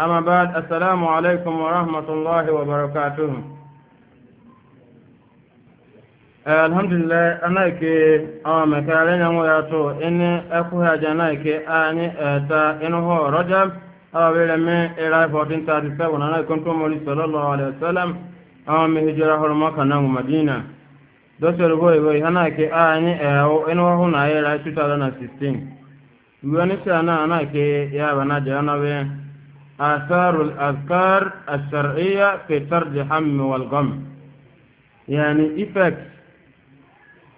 أما بعد السلام عليكم ورحمة الله وبركاته alhamdulillah ana ke awon mekare ne mo yato ini ekuha jana ke ani eta eh, inu ho rajab awabere mi era 1437 ana ikon to mori sallallahu alaihi wasallam awon mi hijira hor maka na madina dosere boy boy ana ke ani ewo eh, inu ho na era 2016 yuwani sana ana ke ya bana jana we آثار الأذكار الشرعية في طرد الهم والغم يعني إفكت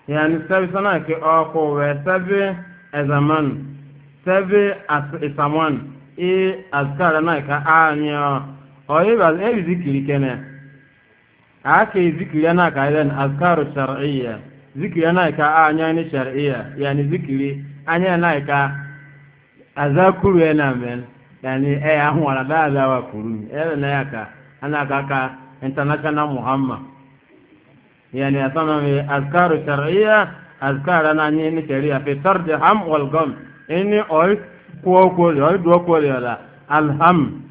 يعني سبي سناك أقو وسبي أزمان سبي أسمان إي أذكار ناك آنيا أو يبقى إيه ذكري كنا أكي ذكري ناك إذن أذكار الشرعية ذكري ناك آنيا شرعية يعني ذكري أنيا ناك أذكر نامن yani eh ahun wala da za wa kuru eh na yaka ana kaka international muhammad yani asama mi azkaru shar'iyya azkar na ni ni sharia fi tard ham wal gam ini oy ko ko oy do ko la alham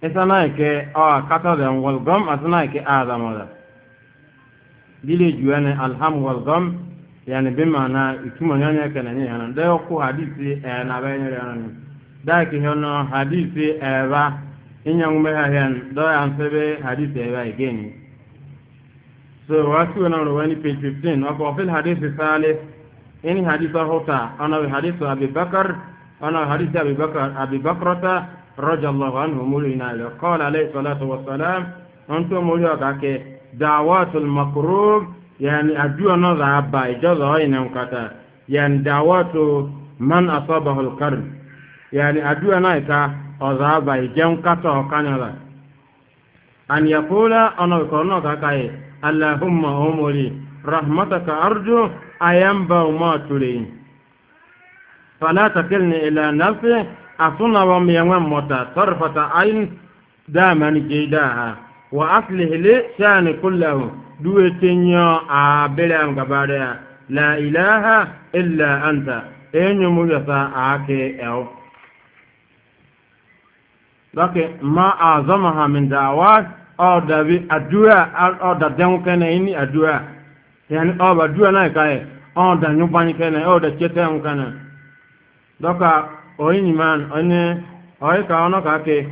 isana ke a kata da wal gam asana ke azama da dile juane alham wal gam yani bi ma'ana ituma yana kana ne yana da ko hadisi na bayan yana ne daki hono hadisi eba inyangume hahen do ansebe hadisi eba igeni so watu wana rwani page 15 wako fil hadisi salih ini hadisa hota ana hadisi abi bakar ana hadisi abi bakar abi bakrata radiyallahu anhu mulina ila qala alayhi salatu wassalam antum mulio kake dawatul makrub yani ajua no za aba ijaza ina mkata yani dawatu man asabahu alqarn yani adua na ita ozaba ijen kata okanala an yakula ana kono kakai allahumma umuri rahmataka arju ayamba ma tuli fala takilni ila nafsi asuna wa miyanwa mota tarfata ayn daman jidaha wa aslih li shani kullahu duwe tinyo a bilam gabadaya la ilaha illa anta enyo mu ake ewo dɔke ma a zama ha min dawa o dabi adua o da den kene ini adua yani o ba dua na kai o da nyu ban kene o da chete un kene doka o ini man ane o ka ono ka ke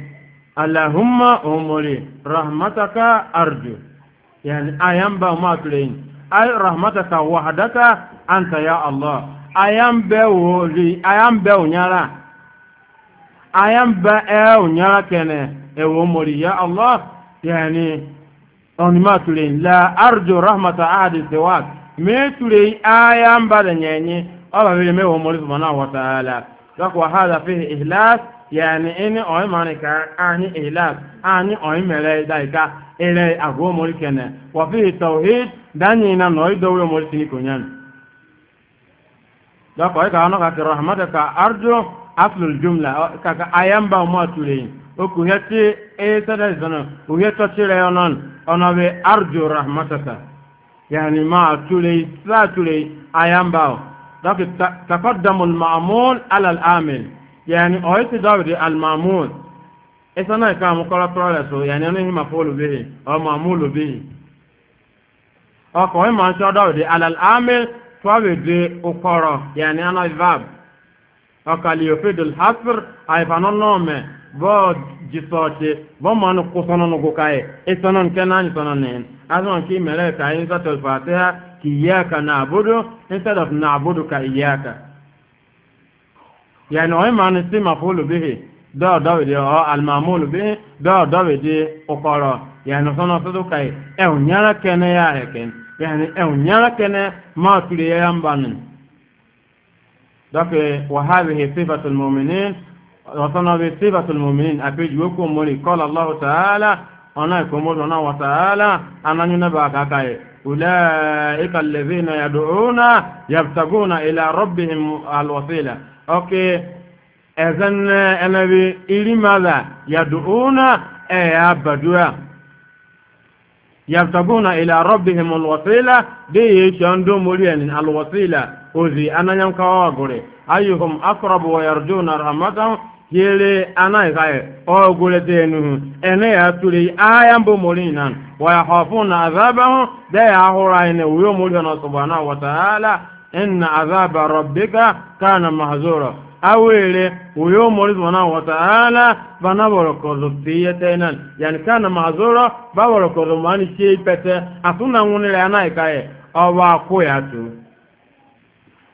allahumma umuri rahmataka arju yani ayam ba ma tulein ay rahmataka wahdaka anta ya allah ayam be wo li ayam be unyara ayan ba ẹ̀rù nyara kẹnẹ ẹ̀wọ̀ mọ̀rí ya allah yẹni ọ̀nìmá ture la arjo rahmata ahadi sewak mẹ́ ture ayan ba da nyẹnyi ọba bẹ̀rẹ̀ mẹ́wọ̀ mọ̀rí sọmọ́nà wata ala lọ́kọ̀ wa hada fi ihlas yẹni ẹni ma mọ̀rí ka ani ihlas ani ọ̀yìn mẹ́rẹ̀ ka ẹ̀rẹ̀ àgọ́ mọ̀rí kẹnẹ wa fi tawhid dányin iná nọ̀ ìdọ́wọ́ mọ̀rí sinikọ̀ nyẹn lọ́kọ̀ ẹ̀ka ọ̀nà kàkiri rahmata ka arjo aflul jumla kaka ayamba ma tuleyin o ku heti e sada zana o heto tire onon ono be arju rahmataka yani ma tulay sa tulay ayamba dak taqaddamu al ma'mul ala al amil yani o heti dawdi al ma'mul e sana e ka mo kola prola so yani ono hima polo be o ma'mul be o ko e ma so dawdi ala al amil to be de ukoro yani ana e verb akali yofidul hasr aifano nome bo jisote bo manu kusono nugu kaye isonon kenani sonon nen azman ki mele ka insatul fatiha ki iyaka na'budu instead of na'budu ka iyaka yani oyi mani si mafulu bihi do dawidi o almamulu bihi do do dawidi ukoro yani sono sudu kaye ewu nyara kene ya heken yani ewu nyara kene ma tuli ya yambanin donc وهذه صفة المؤمنين وصلنا بصفة المؤمنين أبيج وكم مولي قال الله تعالى أنا يكمل أنا وتعالى أنا ينبع كاكاي أولئك الذين يدعون يبتغون إلى ربهم الوسيلة أوكي إذن أنا إلي ماذا يدعون أي أبدوا يبتغون إلى ربهم الوسيلة دي يشندو مولين الوسيلة ozi ananyam kawa gure ayyuhum aqrabu wa yarjuna rahmatahu yele anai kai o gure tenu ene ya tuli ayam bo molinan wa yakhafuna azabahu da ya hura ene uyo mulana subhanahu wa ta'ala inna azaba rabbika kana mahzura awele uyo mori subhanahu wa ta'ala bana boro kozo tiyetenan yani kana mahzura ba boro kozo mani chepete asuna ngunile anai kai awa ko tu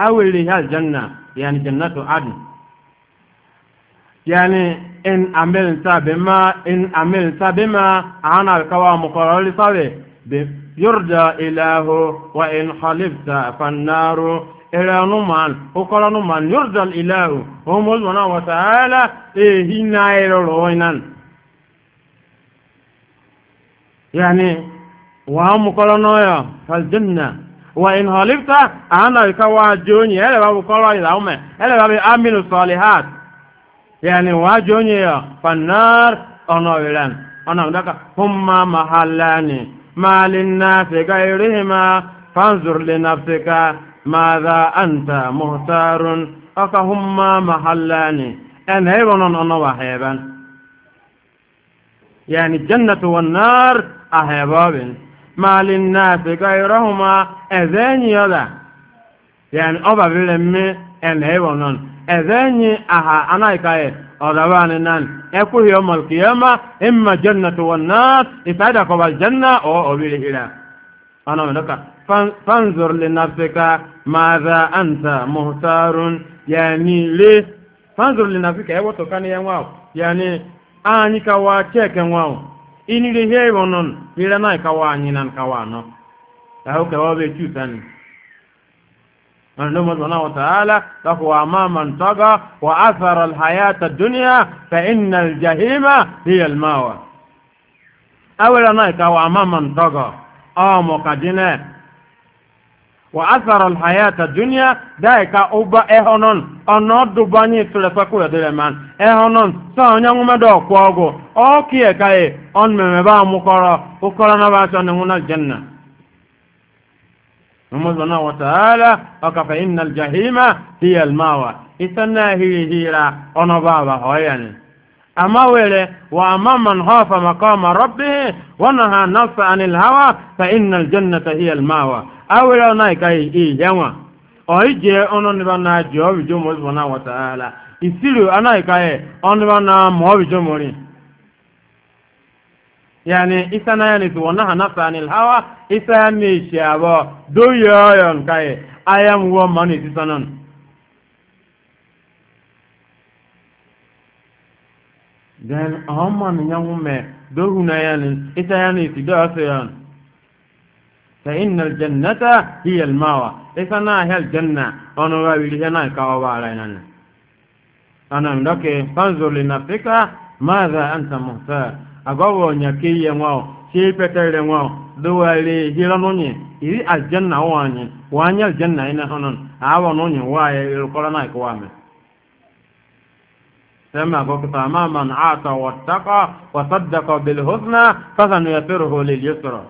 أو أولها الجنة يعني جنة عدن يعني إن عملت بما إن عملت بما أنا الكوام قرار صلي يرجى إله وإن خلفت فالنار إلى نمان وقال نمان يرجى الإله هم سبحانه وتعالى إيه نائر روينا يعني وهم قال فالجنة وإن هلفت أنا كوا جوني هل بابو كلا يلاومه هل بابي أمين الصالحات يعني واجوني يا فنار أنا ولن أنا عندك هم محلاني ما للناس غيرهما فانظر لنفسك ماذا أنت مختار أك هم محلاني أنا هي أنا وحيبا يعني الجنة والنار أهبابين maali naasi ka irahuma ɛzɛɛnyi yɔda yani ɔba bile mi ɛna ɛwɔ Eze enyi aha anayi ka yɛ Ekwughị nan ɛkuhi ya kiyama ima jannatu wa naas isaada kɔba janna ɔɔ ɔbili hira ana mi dɔka fanzur li nafsika maada anta muhtaarun yani li fanzur li nafsika ɛwɔ ya nwa yɛn waaw yani anyị ka waa kyɛɛkɛ waaw inire he wonon bira na kawa anyi nan kawa no aho kawa be chutan Allah subhanahu wa ta'ala taqwa ma man taga wa athara al hayat ad dunya fa inna al jahima hiya al mawa awala na kawa ma man taga amo kadine وأثر الحياة الدنيا ذلك أوبا إهونون أنود بني سلسكو يدلمان إهونون ما دو كوغو أوكي كاي أن ممبا مكرا وكرا نباشا نمونا الجنة نموذنا وتعالى إن الجحيم هي الماوى إثنى هي هيرا أنبابا هوياني أما ويلي وأما من خاف مقام ربه ونهى نفسه عن الهوى فإن الجنة هي الماوى awere ọna ikaghị iyanwa ọnụ ọnụnịba na ji ọbịjọ mori bụ na wataala isiru anaghịkaghị e, ọnụba na ma ọbịjọ mori yani isa na ya nisi wannan na anil hawa isa ya ne shi abo doyoyon kai e, ayam wo mani ti sanan then ahomma ni nyawu me dohu na ya na isa ya nisi ya aseyan فإن الجنة هي الماوى إسنا هي الجنة أنا وابي هنا كاوبا علينا أنا مدك فانظر لنفسك ماذا أنت مختار أقوى نكية واو شيء بتر واو دوالي هيلانوني إذا الجنة واني واني الجنة إن هنن أوانوني واي القرآن كوامي سمع بكتا ما من عاطى واتقى وصدق بالحسنى فسنيسره لليسرى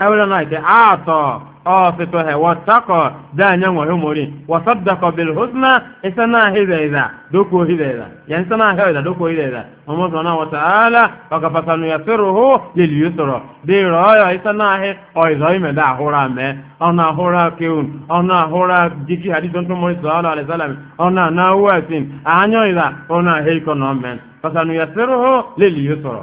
أولا نايت أعطى أوفته واتقى دانيا وهموري وصدق بالحسنى إسنا هذا إذا دوكو هذا إذا يعني إسنا هذا دوكو هذا إذا هم سبحانه وتعالى أن يسره لليسر دي رأي إسنا هي أيضاي مدى هورا مي أنا هورا كيون أنا هورا جيكي حديث أنتم مريد صلى الله عليه وسلم أنا ناواتين أنا إذا أنا هيكو نومن يسره لليسر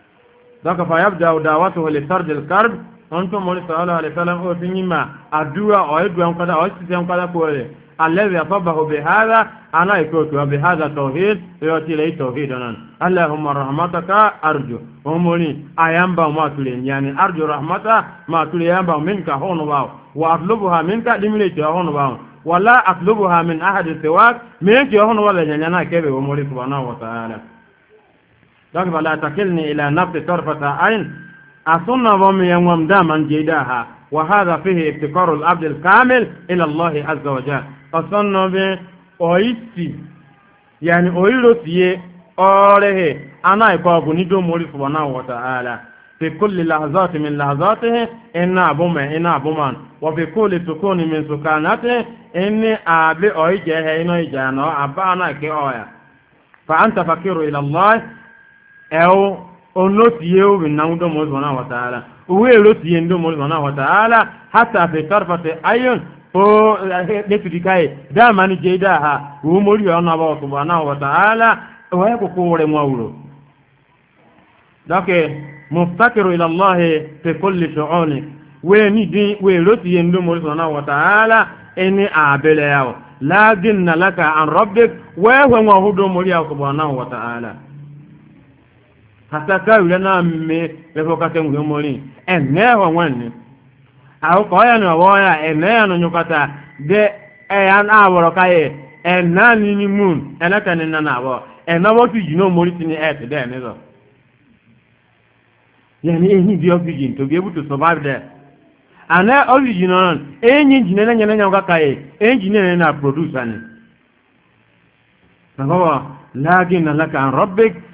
donc fa yabda dawatuhu li sardi lkarb on to mori sallallahu alaihi wasallam o tinyima adua o edua nkada o sisi nkada kuole alladhi asabahu bihadha ana ikotu bihadha tawhid yoti le tawhid anan allahumma rahmataka arju umuni ayamba ma tule yani arju rahmata ma tule yamba minka hono bawo wa atlubuha minka dimile to hono bawo wala atlubuha min ahadi siwak min to wala nyanya na kebe umuri subhanahu wa ta'ala donc wala takilni ila nafsi tarfata ayn asunna wam yamwam daman jidaha wa hadha fihi iftiqaru al-abd al-kamil ila Allah azza wa jalla asunna bi oisi yani oiro tiye orehe ana iko bu ni do mori subhanahu wa ta'ala في كل لحظات من لحظاته إن أبوما إن أبوما وفي كل سكون من سكاناته إني أبي أوي جهة إنو جهة أبانا كي أويا فأنت فكير إلى الله ẹ̀wọ́ onótìyé ó bìnnà ń dọ́mọ̀ ọ̀sán náà wọ̀tàálà owó èrò tìyé ń dọ́mọ̀ ọ̀sán náà wọ̀tàálà hátà àfẹ́ tọ́rọ̀fàtẹ̀ ayọ́n tó lẹ́tùdí káyè dáàmà ní jẹ́ dáa wò mórí ọ̀nà ọ̀bọ̀ ọ̀sán náà wọ̀tàálà ẹ̀wọ́ ẹ̀ kókó rẹ̀ wọn wúrò. dọ́kẹ́ muftakiru ilàlọ́hì fi kólé ṣọ́ọ́nì wéè ní dín wéè èrò tìyé ń dọ́mọ̀ ọ̀sán náà wọ̀tàálà ẹni àbẹ̀lẹ̀ hasaka wule na mme lepo kate nguyo ene ko ya no ene ya no nyukata de e aworo kaye ena na na wo ena wo tu jino mori e te de ne zo yani enyi di oxygen to be able to survive there ane oxygen enyi jine na nyene nyanga enyi na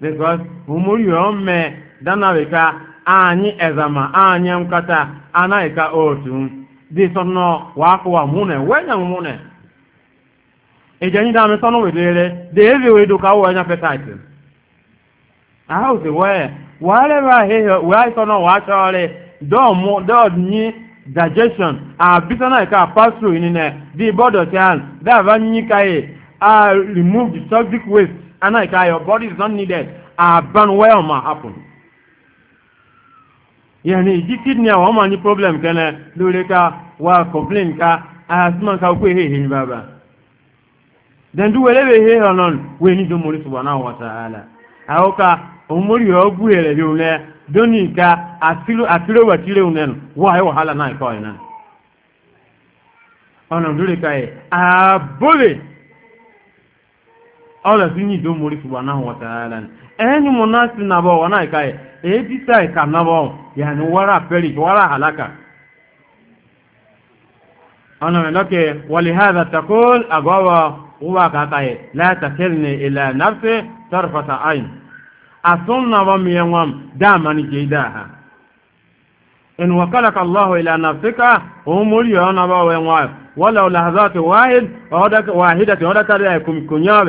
because umuri ome danawika anyị ezama anyị nkata anaghị otu dị wakụwa mune wenya mune ejenyi dami sọnọ wedere dị ezi wedu ka wenya petati ahụ wee wale wa hehe wee sọnọ wa chọrị dọmụ dọdnyi digestion abisana ka pass inine di bodo chan dava nyi kai a remove the toxic And your body is not needed. A burn well ma happen. Yani ji kidney wa ma ni problem kana lure ka wa complain ka asma ka ku he he baba. Then do wele we he on we ni do muri subhanahu wa ta'ala. Aoka umuri ogu ele yule doni ka asilo asilo wa tire unen wa he wahala na ko ina. Ona dure kai a bully ọlọ sí ní ìdóhùn orí ṣùgbọ́n náà wọ́n tààrà ní ẹni mọ̀ náà sí nàbọ̀ wọ́n náà ìkáyẹ̀ èyí tí sá ìka nàbọ̀ yàní wọ́rà pẹ̀lú wọ́rà àlákà ọ̀nà rẹ̀ lọ́kẹ̀ wọlé hàdà takol àgọ́wọ̀ wúwà kàkàyẹ̀ látàkẹ́rì ní ilẹ̀ nàfẹ́ tọrọfọta àyìn àtún nàbọ̀ mìíràn wọn dáàmà ní jẹ́ dáa إن وكلك الله إلى نفسك أمور يونبا وينوار ولو لحظات واحد واحدة ودك لكم كنياب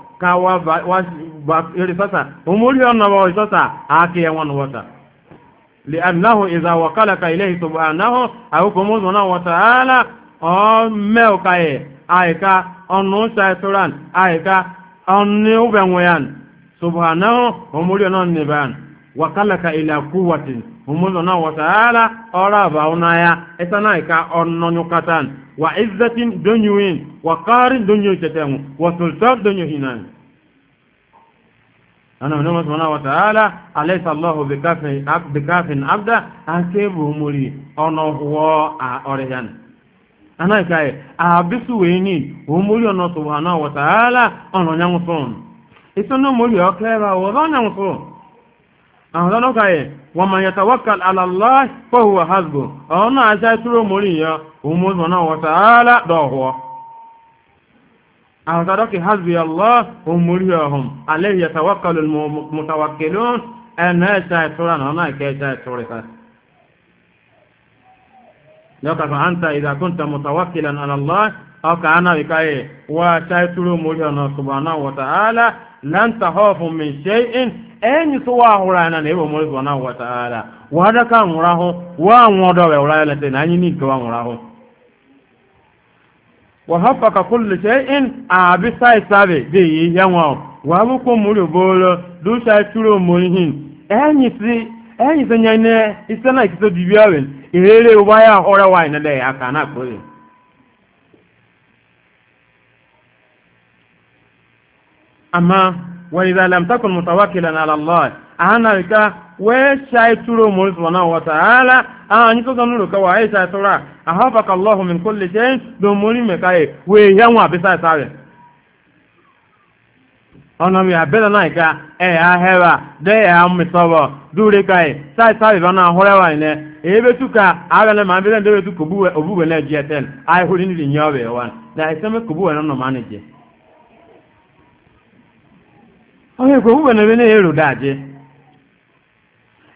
ka wa ba wa yori sasa umuri on wa sasa ake yan wata li'annahu idha waqalaka ilayhi subhanahu aw kumuzuna wa ta'ala o meo kae aika onu shayturan aika onu ubenwayan subhanahu umuri on ne ban waqalaka ila quwwatin umuzuna wa ta'ala ora baunaya etana aika onu nyukatan wa izzatin dunyuin wa qarin dunyu tetemu wa sultan dunyu hinan ana mene mo subhanahu wa ta'ala alaysa allahu bikafin ab bikafin abda muri ono wo a ana kai a bisu weni umuri ono subhanahu wa ono muri wo ono ana no kai wa man yatawakkal ala allah fa huwa hasbu ona aja turo muri ya umuri subhanahu àwọn tọ́dọ́kì hasbi allah omori ọ̀hún aléyẹ tawakalu mutawakilun ẹnu ẹ̀ṣà ìtura náà náà ìkẹ́ ẹ̀ṣà ìtura ìta lọ́kà kan anta ìdàkúnta mutawakilan alallah ọkà ana ìkáyẹ wà ṣà ìtura omori ọ̀nà subhanahu wa ta'ala lanta hofun min shay'in ẹni tó wà ahùra ẹ̀nà ìbò omori subhanahu wa ta'ala wà dákà ń rahun wà àwọn ọdọ rẹ̀ wúra ẹlẹ́tẹ̀ náà yín ní ìkẹwà ń rahun wahafaka kullu in a bi sai sabe de yi yanwa wa bu ko muru bolo du sai turo murihin enyi si enyi se nyane isana kiso dibiawen irere waya hora wa ina de aka na ko amma wa idha lam takun mutawakkilan ala allah anabika wee shaituro omori subhanahu wa ta'ala anyi to sanu ka wa aisha e tura ahafaka allah min kulli shay do mori me kai we e ya wa bi sare ona mi abela na ka e a hewa de ya mi sobo dure kai sai sare ba na hore wa ne ebe tuka ara na ma bi den de tu ko buwe obuwe na je ten ai hori ni nyobe wa na iseme ko buwe na no manage Onye na ebe na daje.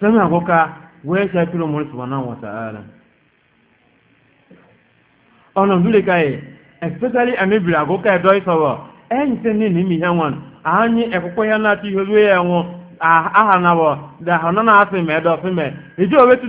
sẹ́mi àkọ́kọ́ wẹ́ẹ́ ṣàkíyàn mọ́ subhanahu na ta'ala ọ̀nà ìdúlé káyẹ̀ especially àmìbìrì àkọ́kọ́ ẹ̀dọ́ ìsọ̀rọ̀ ẹ̀yìn tẹ́ ní ní na wọn àányí ẹ̀kọ́kọ́ yẹn láti ìhòòrò yẹn wọn ahanabọ̀ dàhánà náà sì mẹ́ ẹ̀dọ́ fún mẹ́ ìjọ òwe tún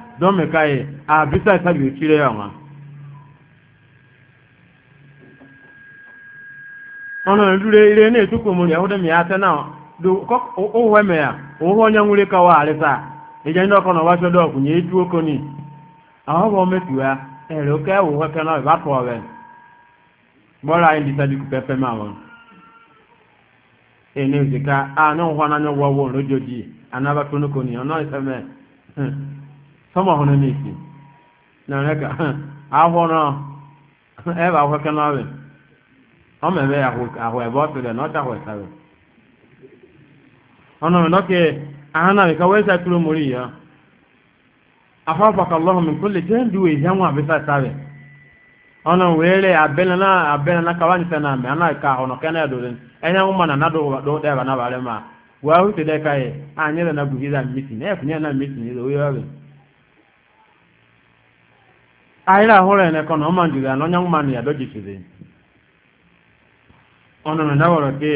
don me kai a bisa e ta bi kire yawa ona ndure ile ne tuko mu yahuda mi ata na do ko o we me ya o ho nya ngure ka wa ale sa e je ndoko no wa so do kunye ni me e ro ka e, wo ho ka na ba ko we bora ndi ta ku ma won e ne zika a no ho na nyo wo ni se sọmọ hụ na isi na ne ka ahụ nọ ke na ọrịa ọ ma ebe ahụ ebe ọ tụrụ na ọ chahụ ịsarị ọ nọ nọ ke ahụ na ka wee satụrụ mori ya afọ afọka lọhụ mi kụlị tee ndị wee hịa nwa abịsa ịsarị wee lee na abịa na kawa nyisa na ka ahụ ke na na nadụ dụ dịba na abalị ma gwa ahụ tụrụ ka anyị anyere na gbuhiri na mitin onye ayira ahụrụ ene kọ na ọ mandiri anọ nyanwụ manụ ya dọjisiri ọnụ na ndawọrọ ke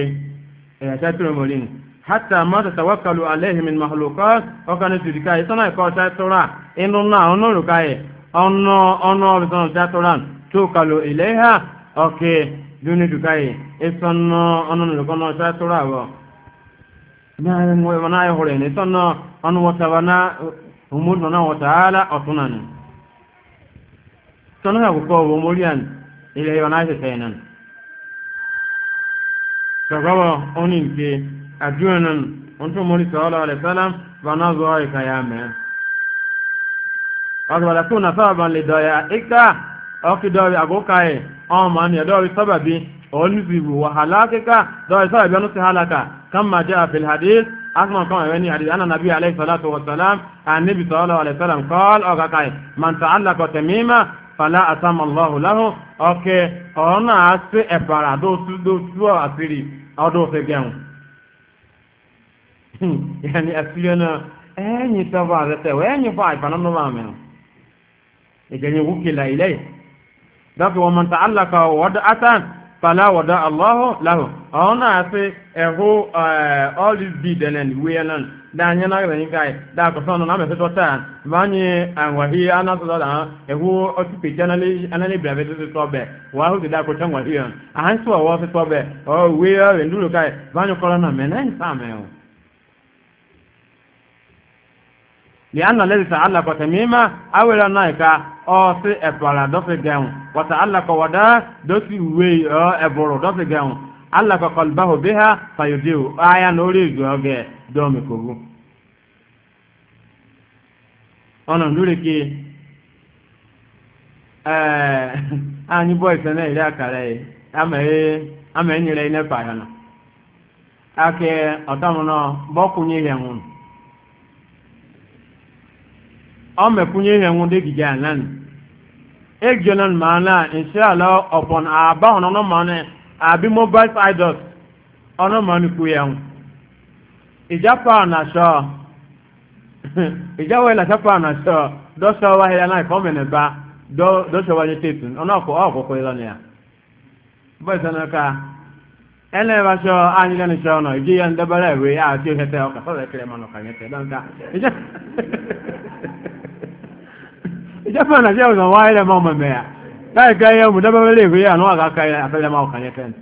ẹ̀yàtẹ́ tó mọ̀lín hátà mọ́tà tàwákàlù aléhìmìn mahaloka ọkà ní tùdíkà ìsọ́nà ẹ̀kọ́ tẹ́tọ́rà inú náà ọ̀nà òrùka ẹ̀ ọ̀nà ọ̀nà ọ̀rùsọ̀nà tẹ́tọ́rà tó kàlù ìléhà ọ̀kẹ́ dúní dùkà ẹ̀ ìsọ́nà ọ̀nà òrùkọ́nà tẹ́tọ́rà wọ̀. náà ń wọ ìwọ̀n náà ẹ̀họ̀rẹ̀ ní sọ́nà ọ̀nà wọ̀tàwọ̀nà ọmọdún náà wọ̀tàhálà ọ̀tún náà tɔnɔ ka kɔkɔ wɔ mori ilẹ yɔ n'a sɛsɛ yen nɔn sɔgɔbɔ ɔni nke a dun nɔn ɔn tun mori sɔɔlɔ ale sɛlɛm bana zɔɔ ye ka y'a mɛ ɔgbala ko nafa ban le dɔ ya i ka ɔki dɔ bi a ko ɔn maa ni dɔw bi ɔni bi wahala kɛ ka dɔw ɔni ti halaka kan ma jɛ a fili hadis asma kama ni hadith anna nabi alayhi salatu wa salam an nabi sallallahu alayhi wasallam qala aw ka kai man fala atamallahu lahu oke ona ase ebara do do tuo asiri odo se gan yani asiriana enyi tava rete enyi vai pana no mame ejeni wuki la ilay dako wa man ta'allaka wada'atan fala wada Allah lahu ona ase ehu all this be then and we and da anya na gani kai da ko sono na me to ta manye an wa hi ana to da e wo o ti pe janali anani bra be to to be wa hu da ko tan wa hi an an so wa to be o we are ndu kai banyo kola na me na sa me o لأن الذي تعلق تميما أولا نايكا أو سي أبرا دوسي جاون وتعلق ودا دوسي وي أو أبرو دوسي جاون علق قلبه بها فيديو آية نوري جوغي dome kogu ona ndure ki eh ani boys na ile e ama e ama enyere ile pa ya na ake otamu no bokunye ihe nwun o mekunye ihe nwun de gije anan ejionan maana inshallah upon our bound ono maana abi mobile idols ono ku ya ìjápa ọ̀nà aṣọ ìjáwé na ọ̀nà aṣọ wa hìlẹ̀ náà na nìba dọ́ṣọ wa yẹ ya ọ̀nà ọ̀kọ̀ ọ̀kọ̀kọ̀ ìlọ nìyà bọ́ọ̀ ìsọ̀nà ká ẹnlẹ́ bá ṣọ ányílẹ̀ na ṣọ ọ̀nà ìjì yẹn ń dẹ́bẹ̀rẹ̀ ìwé àti òṣèṣẹ́ ọkà sọ̀rọ̀ ìkẹrẹ mọ̀nà kàn yẹn tẹ̀ dọ́ǹkà ìjápa ọ̀nà aṣọ ọ̀nà wa hìlẹ̀ mọ̀ mọ̀ mẹ́yà láì ya yẹ mú dẹ́bẹ̀rẹ̀ ìwé ya ma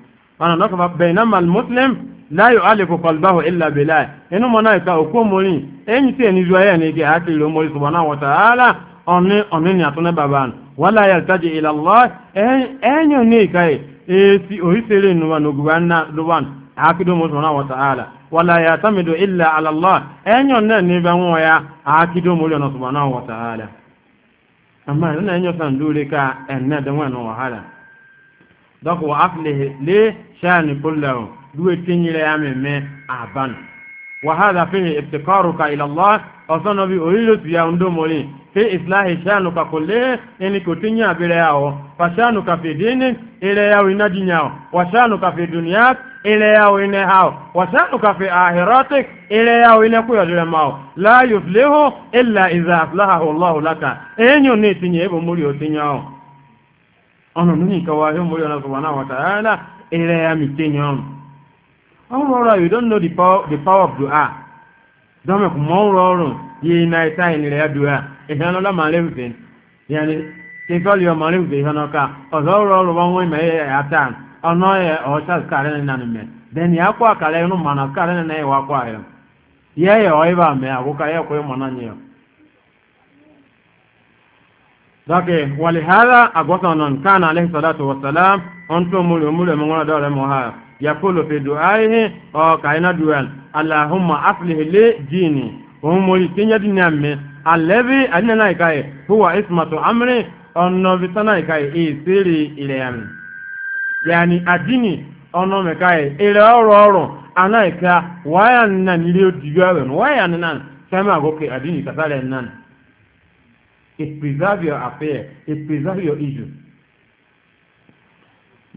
ọ̀nà náà kọfà bẹ̀yìnà mal muslim láyò alẹ́kọ̀ kọlbáhù ilà bẹ̀lá inú mọ̀ náà ìka òkú mọ́rin ẹ̀yìn tí ẹni ju ayé ni ike àti ìlú mọ́rin sọ̀bọ̀nà wọ̀tà ààlà ọ̀ní ọ̀ní ni àtúnẹ́ bàbá nù wọ́n láyà ìtajà ìlàlọ́ ẹ̀yìn ní ìka yìí èsì òyìṣẹ́lẹ̀ nùwà nùgbà náà lọ́wọ́n àkídó mọ́rin sọ̀bọ̀nà wọ̀tà ààlà wọ́lá yà tàmìdò ilẹ̀ àlàlọ́ ẹ̀yìn náà ní bẹ́ wọ́n ya àkídó mọ́rin sọ̀bọ̀nà wọ̀tà donc wa aflihi li shani kullahu duwe tinyire ya meme aban wa hadha fihi ibtikaruka ila Allah osono bi oyilo tu ya ndo moli fi islahi shanu ka kulle eni ko tinya bile yao fa shanu ka fi dini ile yao inaji nyao wa shanu ka fi dunia ile yao ine hao wa shanu ka fi ahiratik ile yao ine kuya dile mao la yuflihu illa iza aflahahu Allah laka enyo ni tinye ebo muli otinyao ọ̀nà ní ìkọwà yóò mú yọ́nà sọ̀wọ́n náà wọ̀tàrálà ilẹ̀ ya mìtẹ́ yọ́n ọ̀rọ̀rọ̀ you don't know the power, the power of dua dọ́mẹ̀kù mọ́ ọ̀rọ̀rọ̀ yìí iná ya dua ìhànà ọlọ́mà lẹ́wùfẹ́ yẹni n kọ́lù ọmọ lẹ́wùfẹ́ ìhànà ọkà ọ̀zọ́ ọ̀rọ̀rọ̀ wọn wọ́n ìmọ̀ ẹ̀yẹ àtà ọ̀nà ọ̀ṣà kàrẹ́ nínú ànìmẹ̀ then ya ya ya sake walihada agosan non kana alayhi salatu wassalam onto mule mule mo ngona dole mo ha yaqulu fi du'aihi o kaina du'an allahumma aslih li dini o mo li tinya dinamme allazi annana kai huwa ismatu amri onno vitana kai isiri ile yam yani adini onno me kai ile oro oro anaika waya nan ile odiyo awen waya nan sama goke adini kasale nan It preserves your affair. It preserves your issue.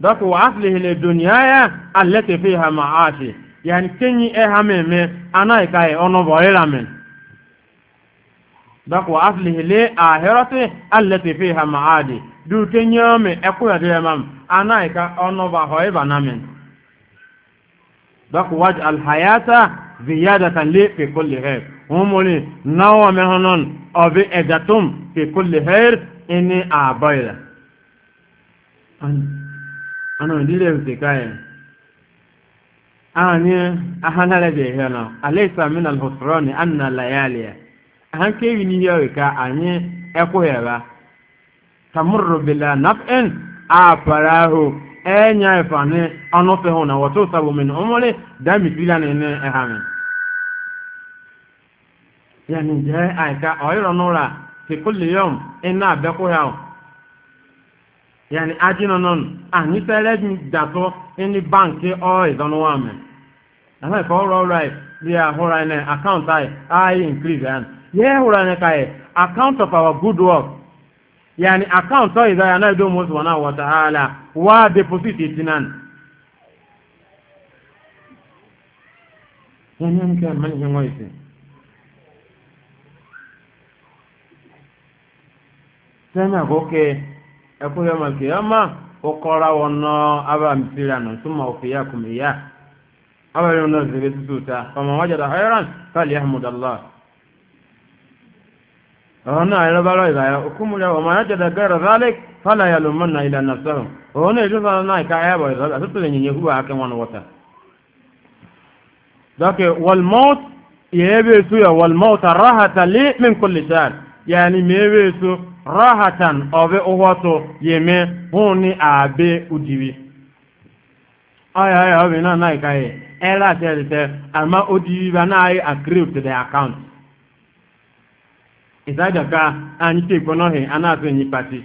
ذاك وعفله للدنيا التي فيها معاشي يعني كني إيها ميمي أنا إكاي أنا بغير من ذاك وعفله لآخرته التي فيها معادي دو كني يومي أكو يدي أمام أنا إكا أنا بغير من ذاك واجعل الحياة زيادة لي في كل غير umuli nawa mehonon obi ejatum fi kulli her na abaila ana ndile mtikaye ah, anye ahanale ka anye na tamurru bila naf'in afarahu enya ifane anofehona watosabu min umuli dami yani jẹ́ àìka ọ̀ìrọ̀núra fi iná àbẹ́kúra ọ̀ yani ajínanán ànífẹ́rẹ́ dàtọ́ ní báńkì ọ̀ ìdánwò àmì àwọn ẹ̀kọ́ ọ̀rọ̀ ọ̀rọ̀ ẹ̀ bí i àhúra ẹ̀ account ẹ̀ increase ẹ̀ yẹ́ ẹ̀húra ẹ̀ ká account of our good work yani account ọ̀ ìdáyà náà ìdó wọn náà wọ́ta ààlà wá deposit ìtìnan yẹn ní ẹni mẹ́rin yẹn wọ́n sena goke eko yoma kiyama okora wono aba mfira no suma ofiyakum iya aba yono zebe tututa kama wajada hayran falyahmudallah ona ayro balo ibaya okumule wa manajada gara zalik fala yalumanna ila nafsahu ona ijo sana na ka ayabo zaba tutule nyenye huwa ake wan wata dake wal maut yebe suya wal maut rahata li min kulli shar yani mebe rahatan obe uhoto yeme huni abe udiwi aya aya obe na na ikaye ela tete ama udiwi bana ai agree to the account isaja ka anyi te kono ana so nyi pati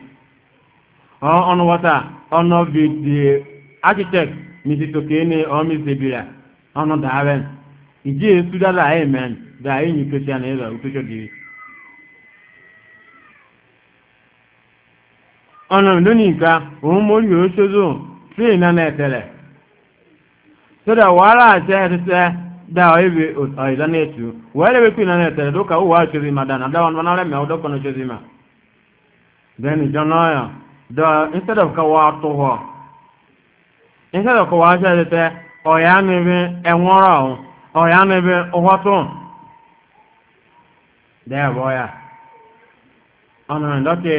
o ono wata ono bi the architect mrs okene o mrs debira ono daven ije sudala amen da enyi christian era utosho diwi ọ̀nà lónìíka òun mórí òṣòzò sí ìnáná ẹ̀tẹ̀lẹ̀ sódà wàhálà àti ẹ̀tẹ̀tẹ̀ dá ọ̀ẹ́bẹ̀ ìdáná ètù wípé ìnáná ẹ̀tẹ̀lẹ̀ tó kàwọ́ wàá ṣòzì mà dáná dáwọn ọmọ náà mẹ́wọ́ dọ́kọ̀nà náà yà dọ́ instead of instead of ọ̀yà ọ̀nà ìdọ́kẹ́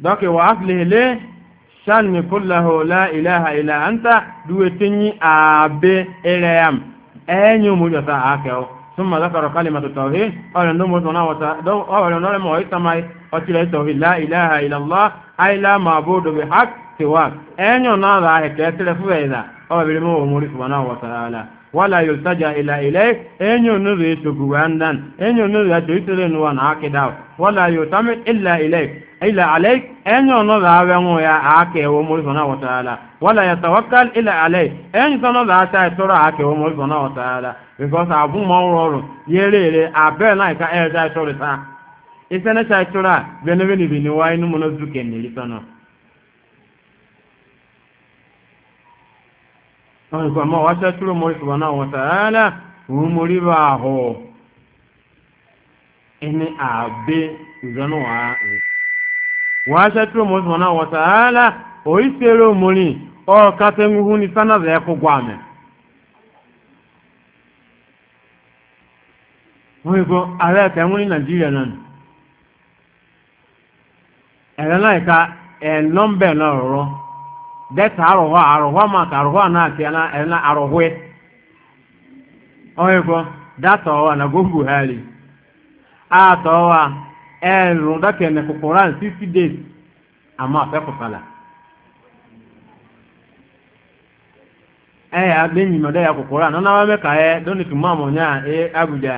donc wa aflihi le shanni kullahu la ilaha illa anta duwe tinyi abe ireyam enyu mujo ta akeo summa zakara kalimatu tawhid awla ndumu tuna wa ta awla nore mo itamai otile tawhid la ilaha illa allah ay la wala yultaja ila ilayk enyu nuru itugu wandan enyu nuru atuitele nuwa na akida wala yutamit illa ilayk ila alaik enyo no da wengo ya a wo mo sona wa taala wala yatawakkal ila alaik enyo sono da ta tora ake because abu mo roro yerere abe na ka e da tora ta na cha tora bene bene bini mo no zuke ni li sono on ko mo wa tura mo wàásẹ̀tò mọ̀sánná wọ̀tàálà òyìṣẹ́rẹ́ òmòrì ọ̀ọ́kátẹ́nuhu ní sánàdà ẹ̀kọ́ gbàmẹ̀. wọ́n yìí kọ́ ààrẹ ẹ̀kẹ́wọ́n ní nàìjíríà náà ẹ̀rọ náà ìka ẹ̀ nọ́mbẹ̀ náà rọ̀rọ̀ dẹ́ta àròhọ́ àròhọ́ màkà àròhọ́ àná àti ẹ̀rọ náà àròhọ́ ẹ̀ wọ́n yìí kọ́ nà àtọ̀ ẹ̀rùn dákẹ̀ẹ́nẹ̀ kò Quran sixty days àmọ́ àfẹ́kọ̀sálà ẹ̀yà ya kò Quran ọ̀nà wa mẹ́ka ẹ̀ dọ́nìkì mọ́ àmọ̀ nyà Abuja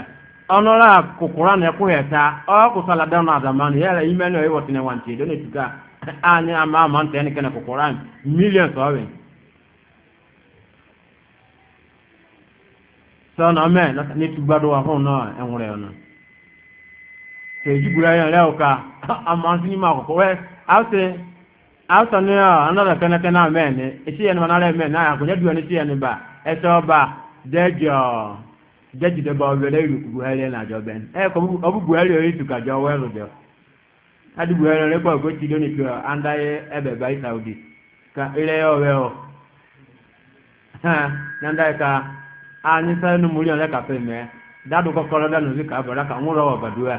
ọ̀nọ́rà kò Quran ẹ̀kú yẹ̀ ta ọ̀kọ̀sálà dáná àdàmánu yẹ́rẹ̀ yìí mẹ́nu ẹ̀wọ̀ tìǹẹ̀ wà ntì dọ́nìkì ká ànyìn àmọ́ àmọ́ sọ́nà ní tùgbàdo tẹ̀júgbùrú ayé ọ̀lẹ́ ọ̀ka àmọ́ sí ní máa kọ̀kọ́ wẹ́ áwùtọ̀ ní ọ̀nàdọ̀ kẹ́nẹ́kẹ́ náà mẹ́ẹ̀ni iṣẹ́ yẹn náà mẹ́ẹ̀ni náà kò jẹ́dùn ẹni sí ẹni bá ẹsẹ̀ ọba jẹ́jọ jẹ́jìdẹ́bà ọ̀lẹ́lẹ́ ìlú buhari nàjọ bẹ́ẹ̀ ẹ buhari jọ ka a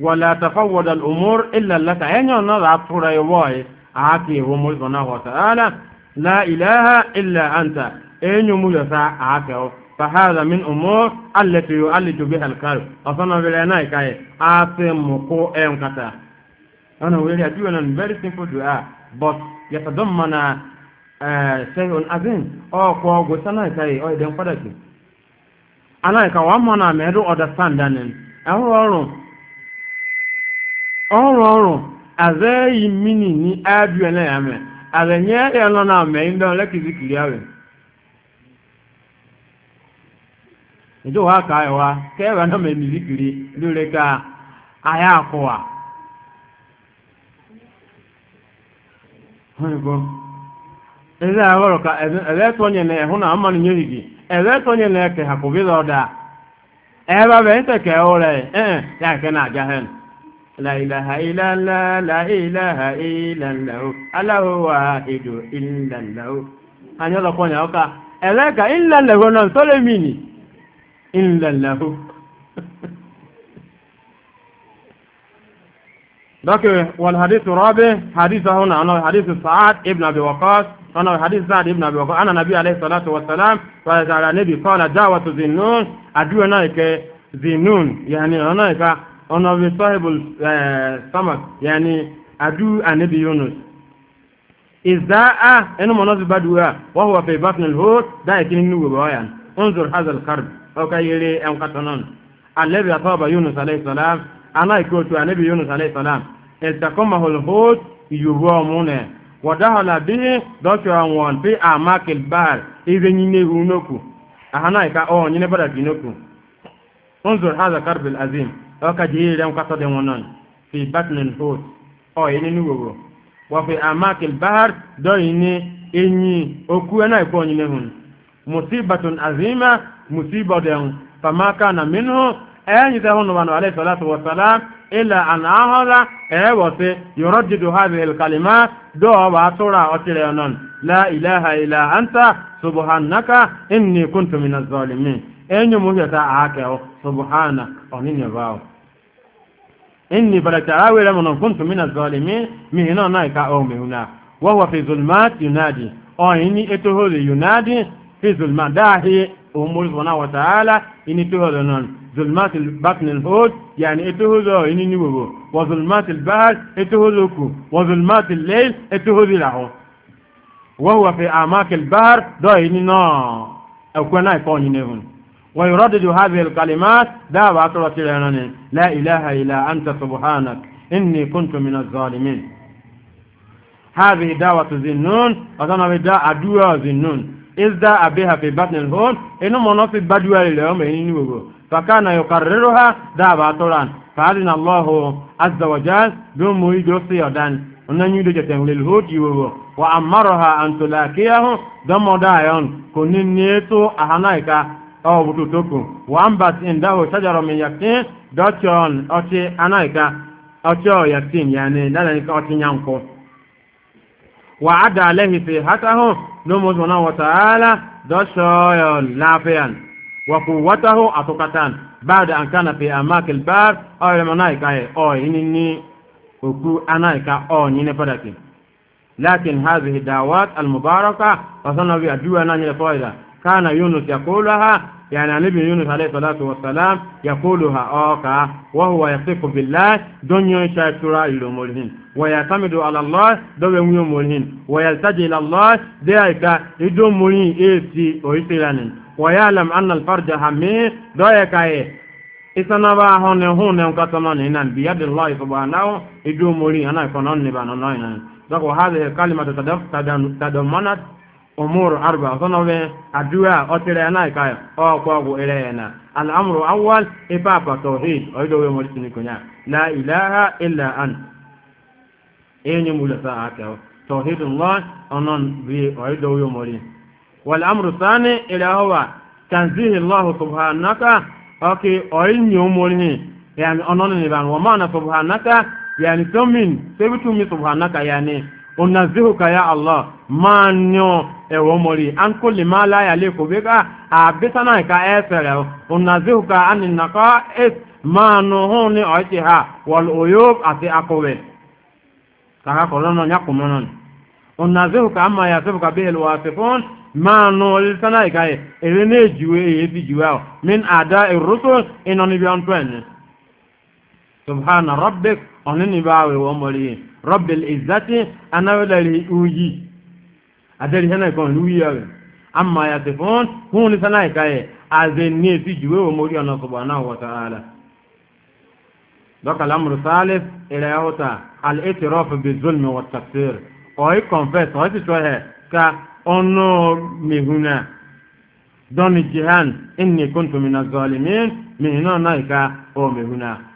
ولا تفوض الأمور إلا لك أن ينظر فريواي عاكي هم سبحانه وتعالى لا إله إلا أنت أن يمجسا عاكي فهذا من أمور التي يؤلج بها القلب أصلا بلعناي كاي آتم مقو أم كتا أنا ويلي أدونا very simple دعاء but يتضمن شيء عظيم أو كوا غسنا كاي أو يدن فدك أنا كوا منا مهدو understanding أهو أرون ọrụ ọrụ aza yi mini ni abịa na ya mee aza nye ya nọ na mee ndị ọrụ ekizi kiri awe ndị ụwa ka ya wa ka ya wee nọ mee mizi kiri ndị ụlọ ka ahịa akụwa eze ahụrụ ka eze tọnye na ịhụ na mmanụ nye gị eze tọnye na eke ha kụbịla ọda ebe abịa ntị ka e ya ụlọ ya ya nke na-aja ha láìláha ìlàlá láìláha ìlàlá aláwọ̀ èdò ìlàlá anyọ́lọ́pọ̀ ní ọkà ẹ̀lẹ́kà ìlàlá ọ̀nà tó lè mì ní ìlàlá dọ́kẹ̀ wọ́n hadith rọ́bẹ̀ hadith ahun na hadith sa'ad ibn abi waqas أنا الحديث سعد بن أبي وقاص أنا النبي عليه الصلاة والسلام قال على النبي قال دعوة ذي النون أدعو نايك ذي النون يعني ọ̀nà bí sahibul eh, samak yani adu anabi yunus izaa ah, ẹnu mọ̀nà bí baduwa ah, wọ́n wà fẹ́ bafnil hó dáì kí nínú gbogbo ọ̀yà unzur hazal karb ọkà yẹrẹ eh, ẹn katanan alẹ́bi atọ́ba yunus alayhi salam aláìkó tu anabi yunus alayhi salam ìsàkọ́mahul hó ìyòwò ọmú nẹ wọ́dáhọ̀lá bí dọ́tí àwọn fi àmàkìl báàr ìrẹ́ nyine hu nóku àhánáìka ọ̀ oh, nyine bàdàkì nóku unzur hazal karb azim ọka jiri ran kwasa da wannan fi batnin hot o yi ni wogo wa fi amakil bahar dori ni enyi oku ena ipo onyi nehun musibatun azima musiba den famaka na minhu ẹ̀yìn e tẹ́ hún wọn alẹ́ sọ́lá tó wọ́sọ́lá ilẹ̀ àná ahọ́lá ẹ̀wọ̀ e sí yọ̀rọ̀ jìdù hàbí ìlkàlìmá dọ́ọ̀wà tóra ọtílẹ̀ ọ̀nà láìláha ilẹ̀ àǹtà subuhannaka inni kuntu minaz zalimin ẹ̀yìn mú yẹta àákẹ́wọ́ subhana onini bao inni falatarawi lamana kuntu min azalimin mihina na ka o mihuna wa huwa fi zulmat yunadi o inni etohori yunadi fi zulmat dahi umur subhana wa ta'ala inni tohori non zulmat al-batn al-hud yani etohori inni ni bobo wa zulmat al-bahr etohori ku wa zulmat al-layl etohori lahu wa huwa fi amak al-bahr do inni no akwana ko nyinehun ويردد هذه الكلمات دعوة رسولنا لا إله إلا أنت سبحانك إني كنت من الظالمين هذه دعوة زنون وكان بدعاء دعوة زنون إذ دعا بها في بطن الهون إنه منافق بدوى اليوم إنه فكان يقررها دعوة رسولنا فأذن الله عز وجل دون مريد يصيدا أن يدجة للهود يوه وأمرها أن تلاقيه دم دايون كن نيتو أهنائك aw bututukum wa ambat indahu shajara min yakin dochon oti anaika oti o yakin yani dala ka oti nyanko wa ada alayhi fi hatahu numu subhanahu wa ta'ala dochon lafiyan wa quwwatahu atukatan ba'da an kana fi amakil bar aw lamanaika o inini oku anaika o nyine padaki لكن هذه الدعوات المباركة وصلنا بها دوانا إلى فائدة كان يونس يقولها يعني النبي يونس عليه الصلاة والسلام يقولها أوكا وهو يثق بالله دنيا شاكرا يلومولهن ويعتمد على الله دوم يومولهن ويلتجي إلى الله ذلك يدومولهن إيسي ويسيرانين ويعلم أن الفرج همه ذلك isanaba hone hone nkatanon inan biyadi Allah subhanahu idumuri ana konon ni bananoinan dako hadhihi kalimatu tadamanat umur arba sono be adua otire na ikaya o kwa gu ile na al amru awwal ipapa tauhid o do we mori kunya la ilaha illa an enyi mula sa aka tauhidullah onon bi o do we mori wal amru thani ila huwa tanzihi allah subhanaka oki o nyi mori yani onon ni ban wa mana subhanaka yani tomin sebitumi subhanaka yani unazihuka ya allah máa yan ẹ̀wọ̀ mọ̀rí ankó lè máa láyà lẹ́kọ̀ọ́ bí ká àbísánà ìka ẹ̀fẹ̀rẹ̀ unazihuka aninakọ́ ẹ̀t máa nu hún ní ọ̀ẹ́tì ha wọ̀lù òyó àti akọ̀wẹ̀ kàkà kọ̀lọ́nà nyàkùnmọ́nà unazihuka ama yasifuka bí ìlú wasifun máa nu ọ̀lẹ́sánà ìka ẹ̀ e. èrè ní èjìwé èyí ti jìwé ọ̀ min àdá ìrúsọ iná níbi ọ̀ntọ́ ẹ̀ ní subhana rabbik ọ̀nínibáwẹ̀ wọ́n mọ̀rí yìí rabbil izzati anawlari uyi adari hana kon luya we amma ya tefon hun ni sanai kaye azen ne ti juwe o mori ona subhanahu wa ta'ala dokal amru salif ila yauta al itiraf bi zulm wa tafsir oy confess oy ti tohe ka ono mihuna doni jihan inni kuntu min az-zalimin mihuna naika o mihuna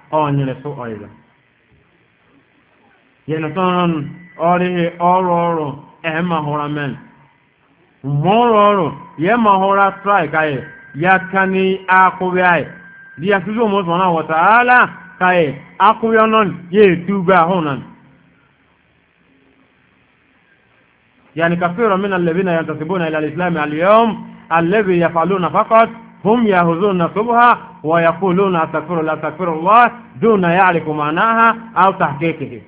ọnyere ni ọyịga yenetọrọn ọrịghị ọrụ ọrụ ema hụra men mmụrụ ọrụ ya ma hụra strike ayị ya kani akwụghị ayị di ya sụzụ ụmụ na wata ala ka ayị akwụghị ọnụ ya etu na yani kafiro min alladhina yantasibuna ila al هم يهزون شبهة ويقولون أستغفر الله أستغفر الله دون يعرف معناها أو تحقيقه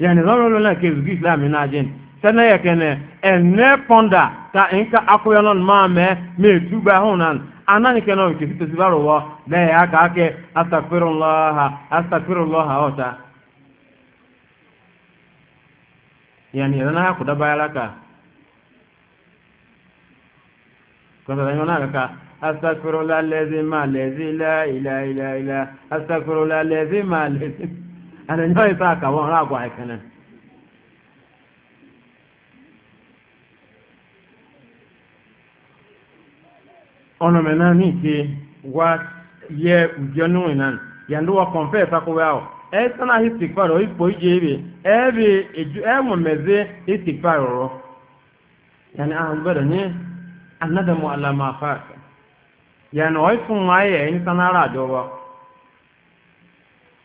يعني ضروري لنا كيزوجي إسلام هنا جن sẹ́nà yẹ kẹ́nẹ̀ ẹ̀nẹ́ pọ́ndà ta nka akóyọ́nà máa mẹ́ mẹ́tú bá hùn náà anánikẹ́ náà kìí tẹ̀sí bá rọ̀ wọ́ lẹ́yìn aka akẹ́ asàfẹ́rọ̀lọ́ha asàfẹ́rọ̀lọ́ha ọ̀ta. yẹn ni ẹ̀rọ náà kò dábàá yàrá kà sọ̀tọ̀tọ̀ yóò náà kàkà astaghfirullah allazi ma allazi la ilaha ọ̀nà mẹ́nà ní ìṣe wá yẹ ùjẹ́ ìnáà yàndúwọ̀ kọ̀ǹfẹ́ ìtakùwẹ́ àwọ̀ ẹsana istikfar oyi po ije ebe ebe eju emu meze istikfar ọrọ yani ahụ annadamu ala ma fat yani wai fun waye eh, in sanara jowa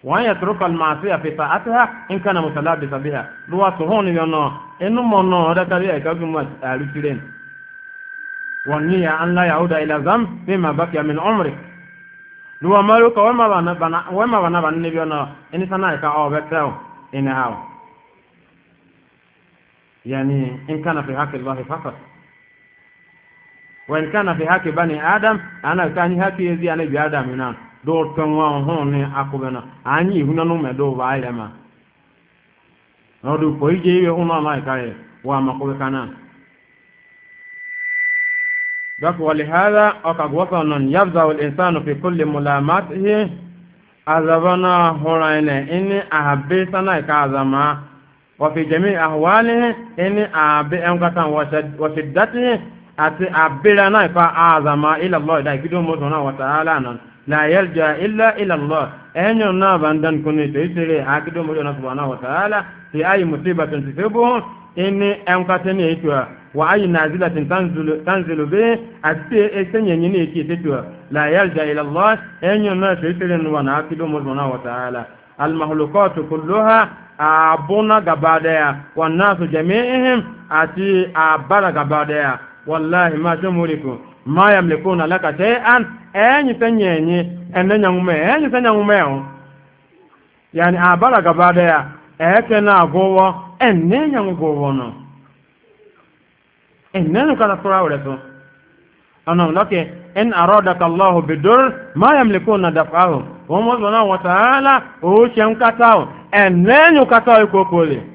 wa yatruka al-ma'siya fi ta'atiha in kana mutalabisa biha duwa to honi yono enu mono da kali e kagu ma alukiren wa niya an la yauda ila zam bima baqiya min umri duwa maru ka wema bana bana wema bana bana ne yono in sanara ka o betel in hawo yani in kana fi haqqi Allah faqat wen kana fi haki bani adam ana kani haki yezi ana bi adam ina do tonwa hon ne akubena anyi huna no me do ba ile ma no do ko ije ye huna ma kai wa ma ko kana dak wa lihada akagwafa nan yabza al insanu fi kulli mulamatihi azabana horaine inni ahabisana ka azama wa fi jami'i ahwalihi inni abi an katan wa shiddatihi àti àbẹ̀rẹ̀ náà fa àzàmà ìlàlọ́ ìdá ìkídó mọ́tò náà wọ̀tà aláàánà láyẹ̀l jẹ́ ilẹ̀ ìlàlọ́ ẹ̀yìn náà bá ń dán kún ní ìtòsíre àkídó mọ́tò náà sọ̀rọ̀ náà wọ̀tà alá ti ayé mùsíbà tó wọn náà wọ̀tà alá المخلوقات كلها abuna gabadaya wallahi ma jamuriku ma yamlikuna laka shay'an enyi tanyenyi ene ngume enyi tanya ngume o yani abara gabada ya eke na agowo enenya ngowo no enenu kala sura wala to ana loke in aradaka allah bidur ma yamlikuna daf'ahu wa mawlana wa ta'ala o shan katao enenyu katao kokole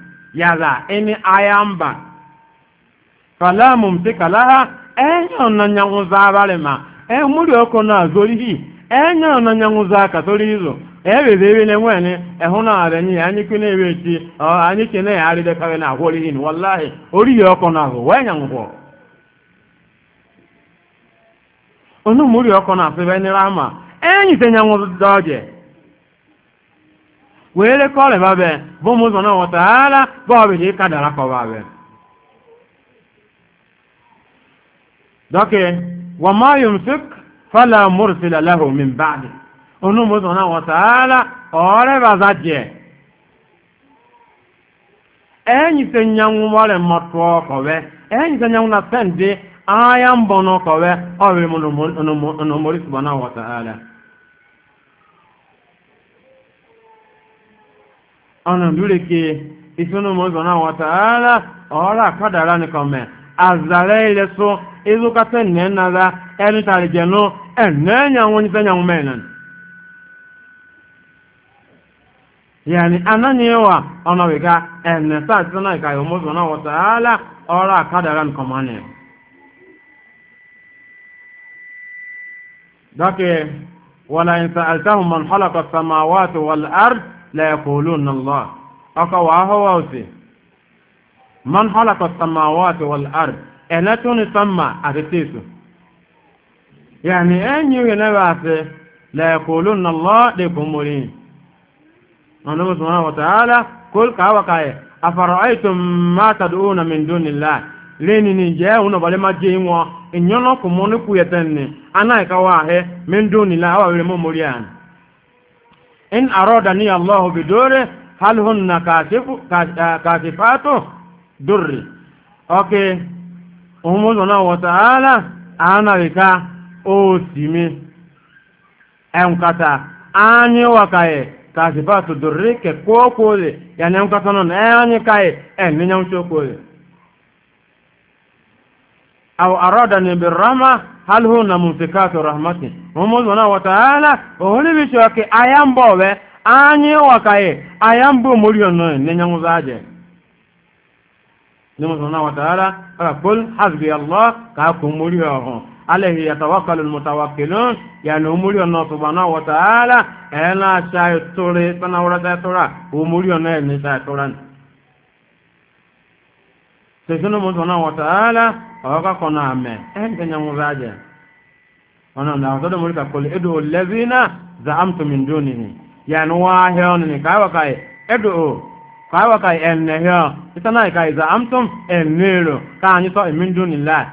yaza mba ayamba fala mumsika laha enyo na abalị ma e muri oko na zorihi enyo na nyanguza katorizo eweze ebe ne nwene ehuna na holihin wallahi ori yoko na go wenyangugo na sebe ni rama enyi te were kọrị babe bụ mụzọ na wọtara bọọbụ dara kadara kọbabe dọkị wama yumsik fala mursila lahu min ba'di onu mụzọ na wọtara ọrịa za jẹ ẹ̀yìn tẹ nyanwó wọlé mọtò kọwẹ ẹ̀yìn tẹ nyanwó na fẹ́ǹdé ayé ń bọ̀ nọ kọwẹ ọ̀rẹ́ mu nù mọ́rí subhanahu wa ta'ala. ọ̀nà lúreke ìfúnnumọ̀ ìgbọ̀nà wọ̀ta ààrà ọ̀rọ̀ àkádàrà nìkan mẹ́ àzàrẹ́ ilẹ̀ sọ ìlúkàtẹ́ nẹ́ẹ̀nara ẹni tàrí jẹ̀nú ẹ̀nẹ́ẹ̀yàwó oníṣẹ́yàwó mẹ́rin yàní anáníwà ọ̀nà wìká ẹ̀nẹ̀ sáà sọ́nà ìkàyọ̀ mọ́sùlùmọ́ wọ̀ta ààrà ọ̀rọ̀ àkádàrà nìkan mọ́ni dọ́kẹ̀ wọ́n la yaqulunna Allah aka wa hawa usi man khalaqa as-samawati wal ard elatun samma atitisu yani enyu ne wase la yaqulunna Allah de kumuri Allah subhanahu wa ta'ala kul ka wa kai afara'aytum ma tad'una min dunillah leni ni je uno bale ma je in arọ dani alọ họbidoere ha hụ na ka asịkwu ka asịfaatụ duri ọkụ i hụ mụzọ na nwataala anaghịkwa o sime ịnkata anyị wakai ka asịfaatụ duri ke koo ya na nkata nọ na anyị ka ị ịnụ nye ọsọ koo lee arọ hal hunna mumsikatu rahmati mumu subhanahu wa ta'ala ohuli bicho ke ayambo we anyi wakaye ayambo mulio no ne nyanguzaje ni subhanahu wa ta'ala ala kul hasbi allah ka ku mulio ho alayhi yatawakkalul mutawakkilun ya no mulio no subhanahu wa ta'ala ena shay tore tanawra da tora u mulio no ne shay toran sesuna subhanahu wa ta'ala ọ̀ọ́kà kan náà mẹ́ ẹ̀ǹkẹ́ nyẹ́ ọ̀nà ọ̀nà àwọn sọ́dọ̀ mọ́ríkà kọ́lé ẹ̀dọ̀ lẹ́bínà za amtòmìndó nìyí yẹn wá hẹ́ọ́ nìyí káyọ̀ká ẹ̀dọ̀ káyọ̀ká ẹ̀nẹ̀ hẹ́ọ́ ìtànà ìka ìza amtòm ẹ̀nẹ́rọ káàní sọ ìmìndó nìlá ka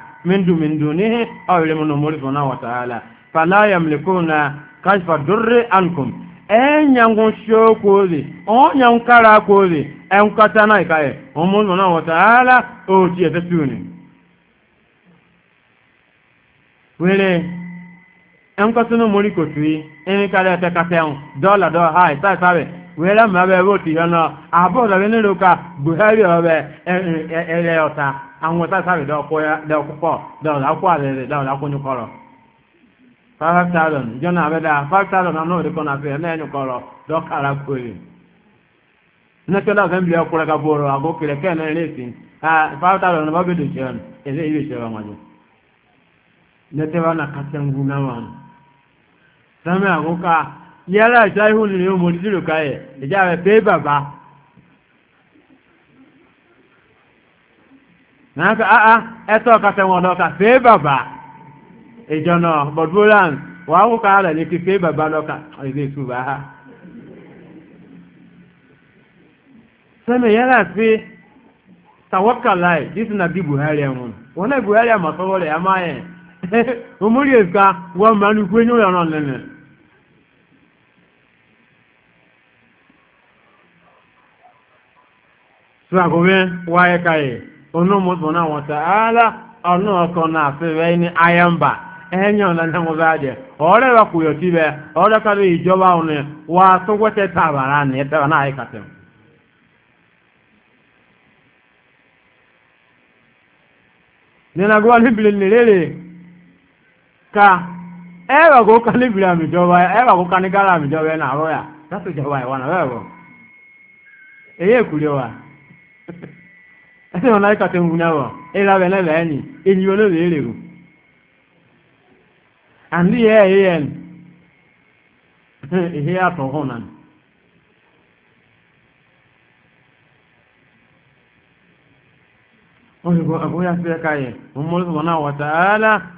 mìndó nìyí ọ̀rẹ́ mu nọmọ́ríkà ka wọ̀tàhálà fàlàyàm lẹ́kọ́nà káṣfà dúró ànkùm ẹ̀yàn ṣókòrè ọ̀yàn kárakòrè ẹ̀ńkátánà ìka ẹ̀ ọmọ náà wọ̀tàhálà ó ti ẹ̀fẹ́ were ẹnkọsínú mórí kò sí ẹnikálẹ̀ ẹ̀tẹ́kàtẹ̀hùn dọ́là dọ́ ha ìsáìsáwẹ̀ wẹ́rẹ́ mẹ́rẹ́ vóòtù yọ náà àbọ̀ ọ̀dọ̀rẹ́ nílùú ká buhari ọ̀rẹ́ ẹ̀rẹ́ ọ̀tá àwọn ìsáìsáwẹ̀ dọ́kúpọ̀ dọ́là kó àrẹ̀rẹ̀ ní kọ̀rọ̀ five thousand jọ́nà àbẹ́dà five thousand àmọ́ òde netewa na katengu na wan sami akoka yala isa ihu ni o mo dilo ka ye eja re pe baba na ka a a eto ka te won lo ka pe baba ejo no but bolan wa ko ka la le ki pe baba lo ka e le su ba ha sami yala fi na bi buhari amun wala buhari ma so wala Eh, omori e ka e. E wa mmanụ ukwu enye ụlọ n'ọlele sàkóbẹ wáyé káyé onúmọ̀tò náà wọ́n sàálà ọ̀nà ọ̀kan náà fẹ́rẹ́ ní jẹ ọ̀rẹ́ wa ọ̀rẹ́ kárí ìjọba ọ̀nà wa tó wẹ́tẹ̀ ka ewa ko kalibiri amijoba ewa ko kanigara amijoba na aro ya that's the why one wewe eye kuliowa ese ona ka te munyawo ela bele beni enyo le leleru and the ayen ihe ato honan oyo go aboya fika ye umul subhanahu wa ta'ala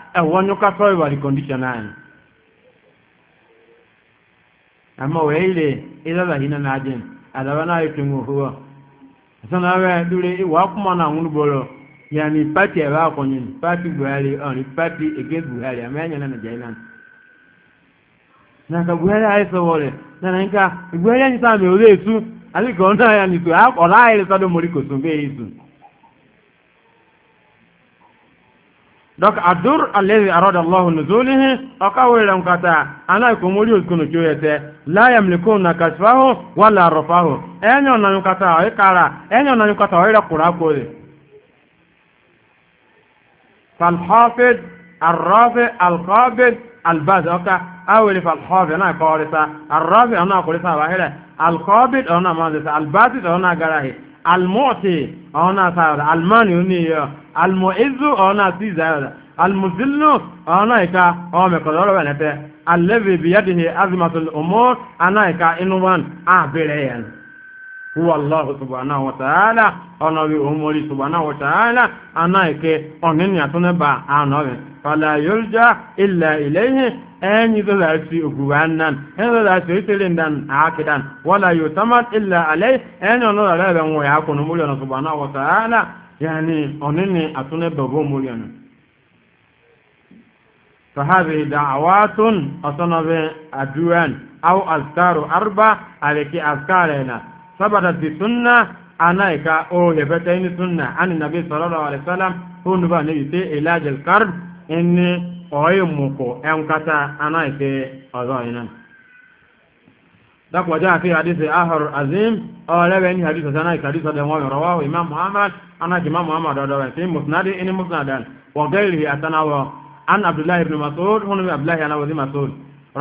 ɛwɔnyo katɔ iwari condition ayi ama wɛyile ilala hina naajin adaba naa yetungu huwa sana wɛ dure waa kuma na ŋun bolo yani party ɛ b'a kɔnyi party buhari ɔni party against buhari ama ɛnyɛ nana jɛ ilan naka buhari ayi sɔwɔle nana nka buhari ayi sɔ ami o le su ali kɔn na yanni su ɔla ayi sɔ do mori kosun bee yi su. dok adur alladhi arada Allahu nuzulihi akawira mkata anaikum uri uskunu kyoyete la yamlikuna kasfahu wala rafahu enyo na mkata ikara enyo na mkata ira kurakole fal hafid الرافع القابض الباز اوكا اول فالحافظ انا قارسا الرافع انا قارسا واحده القابض انا مازسا الباز انا قراهي almọ́ọ̀tì ọ̀nà àtàrà almani ó ní iyọ̀ almọ̀ẹ́zù ọ̀nà àti ìzáyọ̀dà almùsílù ọ̀nà ìka ọmọkọ̀lọ́ ọ̀rọ̀ ẹ̀nẹ́tẹ́ alẹ́bìbìyàdìhì azimatul umar anáìka inú wọn àbẹ̀rẹ̀ yẹn huwa allah subhanahu wa ta'ala ona wi umuri subhanahu wa ta'ala anaike onin ya tun ba anowe fala yulja illa ilayhi en do la si uguwanan en do la si tilindan akidan wala yutamat illa alayhi en ono la la won ya kunu yani onin atune ba bo muri ona فهذه دعوات أصنع أدوان أو أذكار أربع sabadat bi sunna ana ka o hefete ni sunna ani nabi sallallahu alaihi wasallam hunu ba ne yite ilaj al qarb inni oyi muko en kata ana ke ozo ina dakwa jaa fi hadisi ahar azim o lebe ni hadisi sana ka hadisi da mawai rawahu imam muhammad ana ki imam muhammad da da fi musnadi ini musnadan wa ghairihi atanawa an abdullah ibn mas'ud hunu abdullah ana wazi mas'ud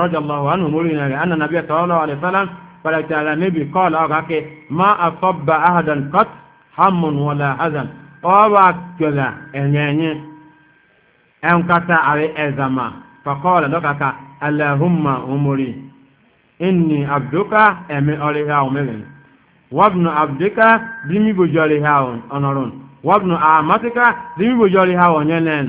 radiyallahu anhu mulina anna nabiy sallallahu alaihi wasallam falata ala nabi kọ́ọ̀lá ọ̀ka ke ma asọ́ba ahadan kot hamun wala hazan ọba kyola ẹ̀nyẹ̀nyẹ̀ ẹnkata ari ẹ̀zama fakọ́ọ̀lá dọ́ka ka alahumma umuri inni abduka ẹ̀mi ọ̀rẹ́hà ọ̀mẹ́rin wabnu abdika dimi bojori ha ọ̀nọ̀run wabnu amatika dimi bojori ha ọ̀nyẹ́nẹ́n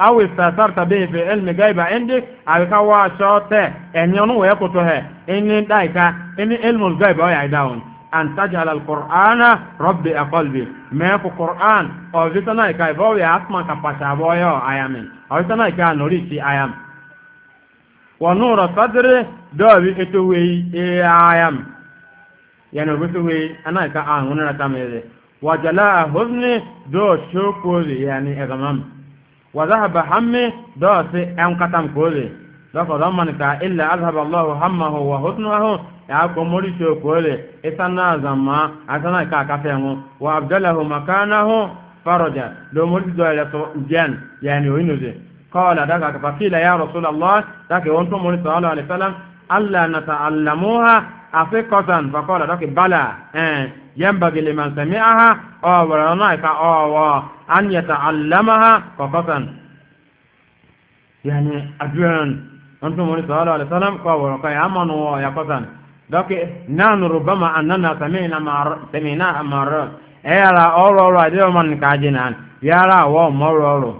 أو استأثرت به في علم غيب عندك أو كوا شوت إن ينو يكتوه إن دايكا إن علم الغيب أو يعدون أن تجعل القرآن ربي قلبي ما في القرآن أو جتنا كاي بو يا أسمع كباشا بو يا أيامين أو جتنا كاي نوريتي أيام ونور صدري دوبي إتوي أيام يعني بتوي أنا كأن آه، هنا تامي وجلاء حزني دو شوكوزي يعني إغمام وذهب همه دوس أم كتم كولي لقد ضمنك إلا أذهب الله همه وحسنه يعقوب مريشو كولي إسانا زما أسانا كاكافيه وأبدله مكانه فرجا لو مريد دولة جان يعني وينوزي قال ذاك فقيل يا رسول الله ذاك وانتم مريد صلى الله عليه وسلم ألا نتعلموها أفقة فقال ذاك بلى ينبغي لمن سمعها أو ورنائك أو و أن يتعلمها فقط يعني أجوان أنتم مولي صلى الله عليه وسلم قالوا يا من هو يا قطن لكن نحن ربما أننا سمعنا ما مر سمعناها اي لا أولو أولو ادو من كاجنا كاجنان يالا ومولو أولو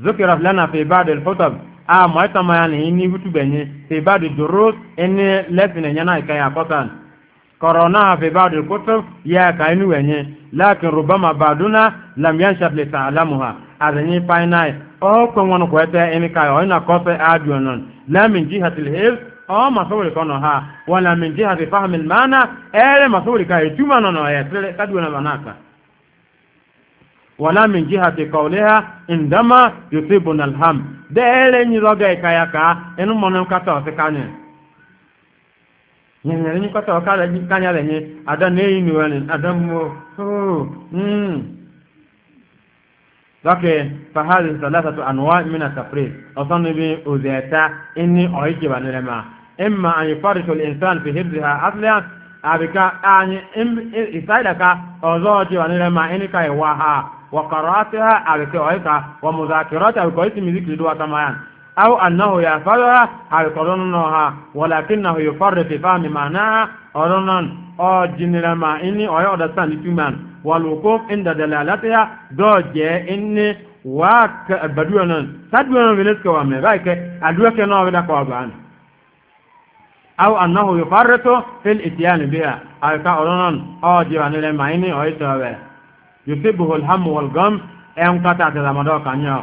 ذكر لنا في بعض الخطب اه ما ẹ́tàmọ́ يعني ní بتبني في بعض الدروس إني لسنا ينا إكايا قطن قرناها في بعض الكتب يا كاين وني لكن ربما بعضنا لم ينشط لتعلمها أذني فايناي أو كون وان كويتا إني كاي أو كوسي أديونون لا من جهة الحفظ أو مسؤول كونها ولا من جهة فهم المعنى إلى مسؤول كاي توما نونو يسري كدونا بناكا ولا من جهة قولها عندما يصيبنا الهم ده إلى نيزوغي كايكا إنو مونم كاتا وسكاني nyanyere nyi kɔtɔ k'ale nyi k'anya le nye ada ne yi nuwa ne ada mo hoo hmm dɔke fahali salasa to anuwa mina safre ɔsɔn ne bi ozɛta ɛni ɔyi kiba ne ma ɛma anyi fari tol insan fi hibzi ha asiliya abi ka anyi isaida ka ɔzɔ kiba ne ma ka wa ha wa kɔrɔ ha abi ka ka wa muzakirɔ ta abi ka ɔyi ti do wa tamayan. أو أنه يفعلها أو قرنها ولكنه يفر في فهم معناها قرنا أو جنرا ما إني أو يغدسان تمان والوقوف عند دلالتها دوجة إني واك بدونا تدونا بنسك وامي بايك أدوك نوع بدك وابعان أو أنه يفرط في الإتيان بها أو قرنا أو جنرا ما إني أو يتوابه يصيبه الهم والغم أنقطع تزامدوك عنه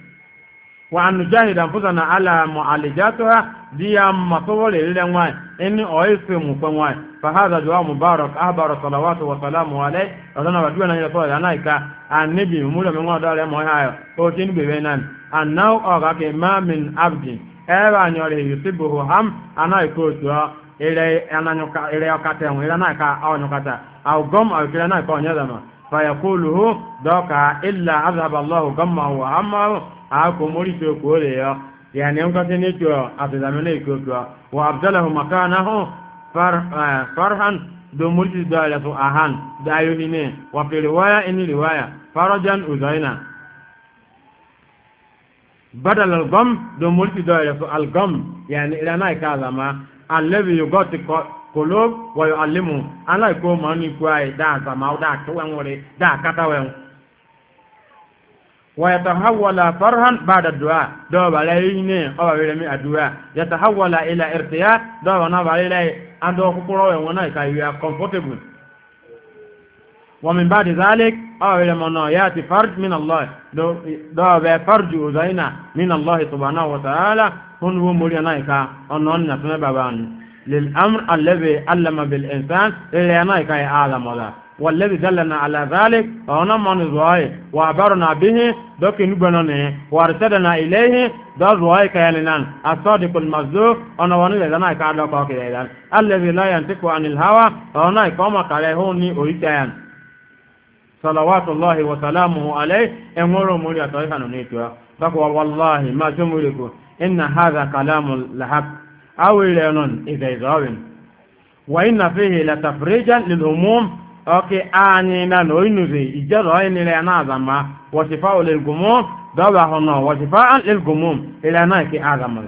wa nujahid anfusana ala mu'alijatuha diya masawale lile ngwai ini oisi mkwe ngwai fa hadha du'a mubarak ahbara salawatu wa salamu alayhi wadana wajua na hila sala anaika annibi mula mingwa dole mo hayo ko tin bebe nan annau oga ke ma min abdi ewa nyore yusibuhu ham anaiko tuwa ile ananyuka ile yakata ile anaika au nyukata au gom au kila anaika onyezama fa ako mori to ko le ya yani on ka tene to afida mele ko to wa abdalahu makanahu far eh, farhan do mori da la to ahan da yo ni ne wa fi riwaya in riwaya farajan uzaina badal al gam do mori da la to al gam yani ila na ka zama alladhi yugati kolob wa yuallimu ala ko mani kwai da zama da to wanwore da kata wanwore ويتحول فرحا بعد الدعاء دوبا علينا او ويرمي الدعاء يتحول الى ارتياح دوبا نبا عليه ان دو كوكورو ونا كاي كومفورتبل ومن بعد ذلك او علمنا ياتي فرج من الله دو دو فرج وزينا من الله سبحانه وتعالى هن هو مولينا كا انون نسمع بابان للامر الذي علم بالانسان اللي انا كاي عالم الله والذي دلنا على ذلك هو من زواي وعبرنا به دوك نبنانه وارسدنا إليه دو زواي كيالنا الصادق المزدوك أنا وني لنا كعلا كاكي الذي لا ينطق عن الهوى أنا يقوم كالهوني أريتان صلوات الله وسلامه عليه أمور مولي أطريقا نيتوا فقوى والله ما تملكوا إن هذا كلام الحق أو إلى إذا إذا وإن فيه لتفريجا للهموم oke anyị na na oinuzi ijedo inile na azama wasifa olilgumum dọba hono wasifa lilgumum ile na ke azama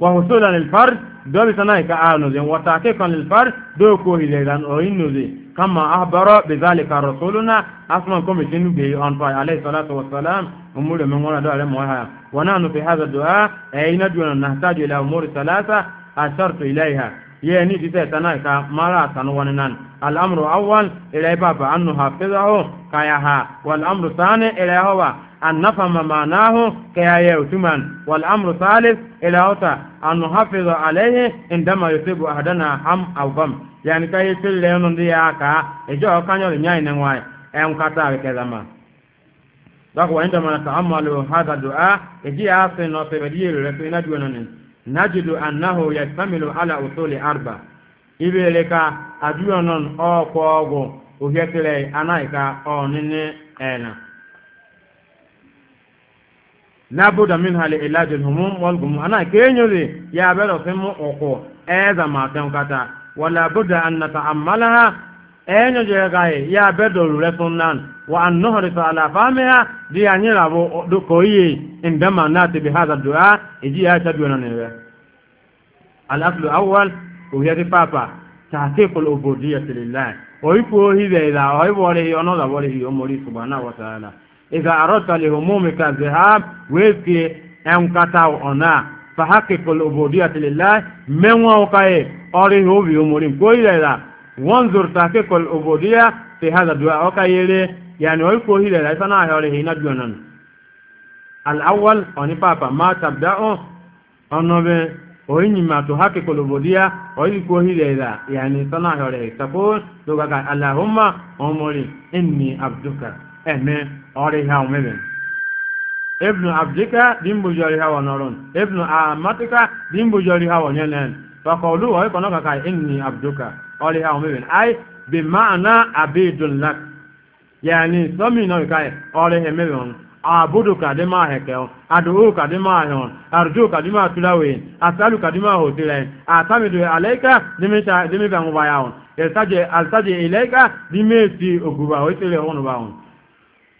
وحصولا للفرد دو بسنائك آنوزي وتحقيقا للفرد دو كوهي ليلان أوينوزي كما أخبر بذلك رسولنا أسمى كوميشن به أنفاي عليه الصلاة والسلام أمور من غنى دعا لموها ونحن في هذا الدعاء أي ندعو نحتاج إلى أمور ثلاثة أشرت إليها ye ni dite tana ka mara tanu wani nan al'amru awwal ila baba annu hafizahu kaya ha wal amru thani ila hawa an nafama ma'anahu kaya ya utuman wal amru thalith ila hota an nuhafiza alayhi indama yusibu ahadana ham aw gam yani kay tille non dia ka ejo kanyo nyai nan wai en kata ke zama dako wa indama ta'ammalu hadha du'a eji asin na sebedi re fe na du'a najidu annahu yastamilu ala usuli arba ibele ka aduyo non o ko ogo o ka ena la buda min hali ilaj humum wal ana ya bero fimu oko eza ma tan kata wala an enyo ya gai ya bedo rure sunnan wa an nuhrifa ala famiha di anyira bo bi ya di papa be da wa ipo re yo no da bore yo mori subhanahu wa ta'ala idha aradta li humumika dhahab wa fi am kata ona fa haqiq al ubudiyyah lillah menwa okaye ori ho bi yo wanzur tahqiq al ubudiyya fi hadha du'a o ka yele yani oy ko hile la sana ha ole hina duonan al awwal oni papa ma tabda'u onobe oy ni ma to hakke ko ubudiyya oy ko hile la yani sana ha ole tako do ga allahumma umuri inni abduka eme ore ha umebe ibnu abdika dimbu jori ha wonoron ibnu amatika dimbu jori ha wonenen fakolu oy kono ka inni abduka ọlẹ́ àwọn mẹ́rin ayé bí máàná àbídùnlák lak, sọ́mì náà ìkáyẹ ọlẹ́ ẹ̀mẹ́rin ọ̀nà àbúdù kàdé máa hẹ̀kẹ́ ọ̀n àdúgbò kàdé máa hẹ̀ ọ̀n àrùjò kàdé máa túláwé yìí àtàlù kàdé máa hò sílẹ̀ yìí àtàmìdò àlẹ́kà dèmíkà ń wáyà ọ̀n àtàjẹ ìlẹ́kà dèmíkì ògùbà ó sílẹ̀ ọ̀n wà ọ̀n.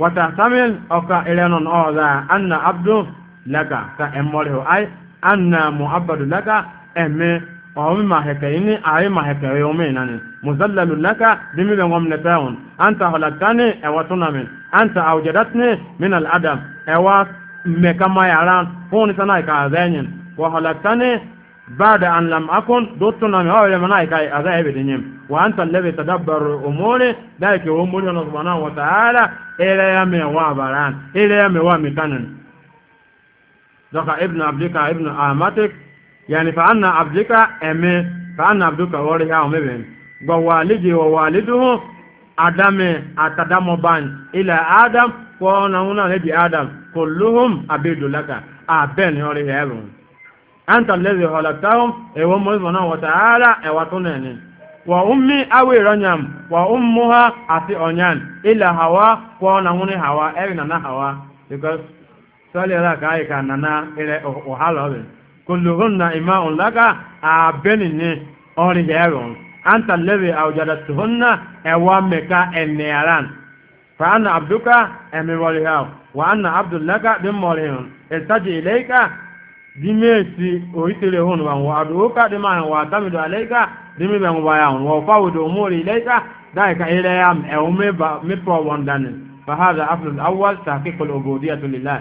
wàtà samuel ọkà ìlẹ́nà ọ̀dà anna أهم ما هكيني أي ما هكي يومين أني مزلل لك بمي بنغم نتاون أنت هلكتني أواتنا من أنت أوجدتني من الأدم أوا مكما يران هون سنايك أذينين وهلكتني بعد أن لم أكن دوتنا من أول منايك أذيب دينيم وأنت الذي تدبر أموري ذلك أموري سبحانه وتعالى إلى يمي وابران إلى يمي ومكانن ذكر ابن عبدك ابن أمتك yani fa anna abdika eme fa anna abduka wori ha omeben wa walidi wa waliduhu adame atadamo ban ila adam ko na una lebi adam kulluhum abidu laka aben hori hebu anta alladhi khalaqtahum e wa mawzana wa ta'ala e wa tunani wa ummi awi ranyam wa ummuha ati onyan ila hawa ko na ngune hawa e nana hawa because sali ra kai kana na ile ohala obin kulluhun na ima'un laka a benin ne orin da yaron an tallabe a wujada tuhunna ewa meka enneyaran fa anna abduka emirwaliha wa anna abdullaka bin morihun istaji ilaika dimesi oitire hun wa wa aduka dima wa tamidu alaika dimi ben wa ya wa fawdu umuri ilaika daika ilayam awwal tahqiq al ubudiyyah lillah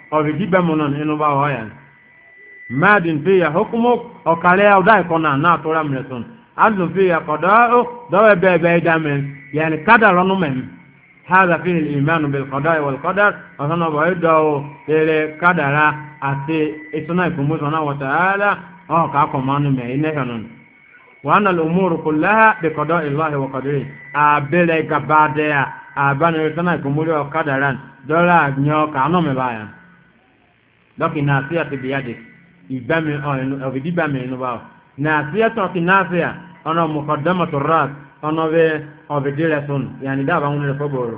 ọ̀rì jíbẹ̀ mọ̀nà nínú bá wọ́ yẹn mẹ́ẹ̀dín fi yà hókùmọ́ ọ̀kàlẹ́ ọ̀dá ẹ̀kọ́ náà náà tó rà mìíràn sọ̀n adùn fi yà kọ̀dọ̀ ó dọ́wẹ́ bẹ́ẹ̀ bẹ́ẹ̀ dá mẹ́rin yẹn kádà rọ́nú mẹ́rin hàdà fi hìl ìmánu bẹ̀rẹ̀ kọ̀dọ̀ ìwọ̀l kọ́dà ọ̀sán ọ̀bọ̀ ìdọ̀ o eré kádàrà àti ìtúná ìfòmùsọ̀nà náà nù. وأن الأمور كلها بقضاء الله وقدره أبلغ بعدها أبان يتنا كمولي وقدران دولا نيوك عنو مبايا dɔki naasia ti bia de ibami ɔyinu ɔbidi bami yinu ba naasia tɔki naasia ɔnɔ mukɔdama to ras ɔnɔ bɛ ɔbidi rɛ sun yanni daba ŋun rɛ fɔbɔrɔ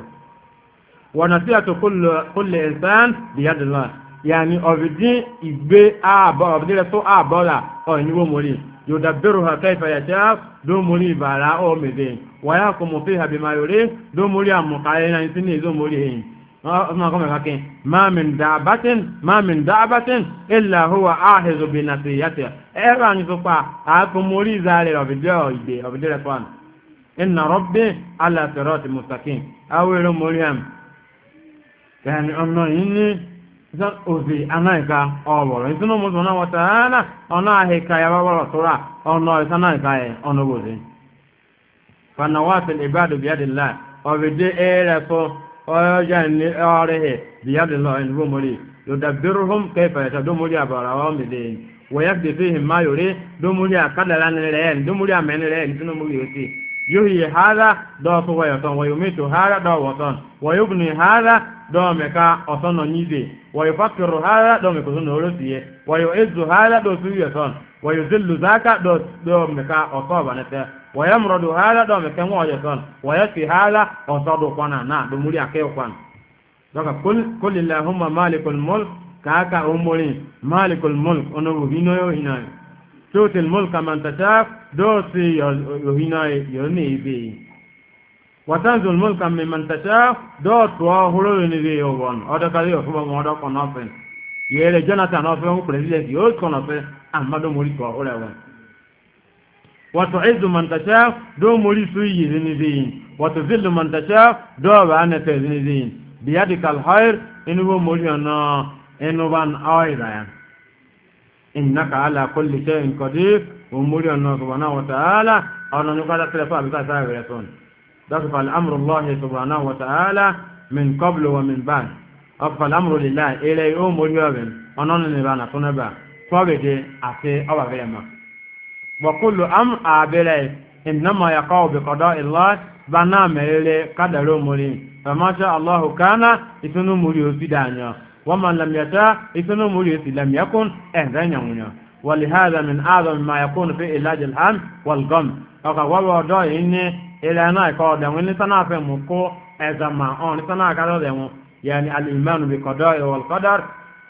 wa naasia to kulle ɛsan bia de la yanni ɔbidi igbe aabɔ ɔbidi rɛ so aabɔ la ɔyinu wo mori yudabiruha kaifa yasha do mori la baara o mebe wa yakumu fiha bima yuri do mori amukaye na nsini do mori hin ọmọ ọgọ́mọ̀ ìkàkí ma min dábátín ilẹ̀ àhúwà áhìzò bí na ti yàtì ẹ̀rọ àyìn tó pa àápùmórí ìzáàrẹ̀ ọ̀bìdẹ́ ìgbè ọ̀bìdẹ́ rẹ̀ fún iná rọ́bí alàtẹ̀rọ̀ ti mùsàkín moriam ọjọ́ ní ọrẹ ẹ̀ bíyàdì lọ ẹni bó mọ́lẹ̀ yọ̀dà bẹ̀rù hóm kẹfà ẹ̀ta dómọ́lẹ̀ àbàrà wọn mẹ́lẹ̀ ẹni fi fi hìn máa yòrè dómọ́lẹ̀ àkádàlá ní rẹ̀ ẹni dómọ́lẹ̀ àmẹ́ni rẹ̀ ẹni tínúmọ́lẹ̀ yóò sí yóò yẹ hàrá dọ́ọ̀fọ́ wọ̀yọ̀tàn wọ̀yọ̀mẹ́tò hàrá dọ́ọ̀wọ̀tàn wọ̀yọ̀bùnì hàrá dọ́ọ̀mẹ̀ká ọ̀sán nọ nyize wọ̀yọ̀fàkìrù hàrá dọ́ọ̀mẹ̀kọ̀sọ́ nà orosìyẹ wọ̀yọ̀ ezu hàrá dọ́ọ̀súyọ̀tàn wọ̀yọ̀ zèlù záká dọ́ọ̀mẹ̀ká ọ̀sán ọ̀bànẹ́tẹ́ wayamrodu hala do me kengo oje ton wayasfi hala on sodo kwana na do muri akeo kwana doka kul kul illahumma malikul mulk kaka umuri malikul mulk ono hino yo hinayo tutil mulka man tasha do si yo hinayo yo ne ibe watanzul mulka mimman tasha do to horo ni be yo won odo kali yo fuba وتعز من تشاء دو مولي سوي ذنزين وتذل من تشاء دو بانا تذنزين بيدك الخير إنه مولي أنا إنه بان آيرا إنك على كل شيء قدير ومولي أنا سبحانه وتعالى أنا نقال تلفا بكا سابرسون ذلك الأمر الله سبحانه وتعالى من قبل ومن بعد أفا الأمر لله إلي أمور يوبن أنا نبانا تنبا فابدي أتي أبا غيما وكل أم أعبلي إنما يقع بقضاء الله بنا ملي قدر مولي فما شاء الله كان مولي في دانيا ومن لم يشاء مولي في لم يكن إهدان يمنيا ولهذا من أعظم ما يكون في علاج الهم والغم فقال وضع إني إلى أنا يقول دم إني سنعفي إذا ما أون سنعكاد يعني الإيمان بقضاء والقدر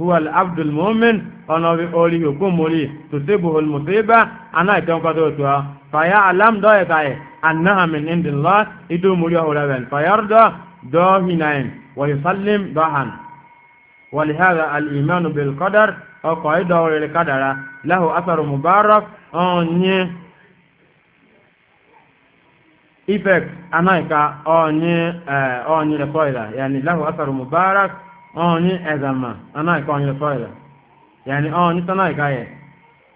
هو العبد المؤمن أنا بقولي يقوم لي تصيبه المصيبة أنا يتنقذوتها فيعلم ضيقه أنها من عند الله يدوم لي أولا فيرضى داهنين ويسلم ضحا ولهذا الإيمان بالقدر أو قاعدة للقدر له أثر مبارك أني إفك أنايكا أني آه، أني لقاعدة يعني له أثر مبارك onye ezama anaghịkwa onye sọịla yani onye ya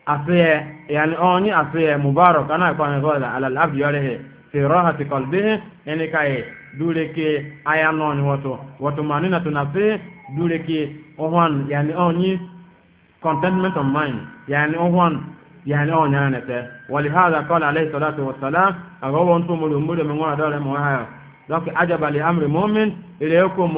asiye yani onye asiye mubarak anaghịkwa onye sọịla alal abdi yọrịhị fi rahati qalbihi yani kai dure ke aya non wato wato manina tunafi dure ke ohwan yani onye contentment of mind yani ohwan يعني أو نانته ولهذا قال عليه الصلاة والسلام أغوى أنتم الأمور من وراء دولة مهاية لكن عجب لأمر مؤمن إليكم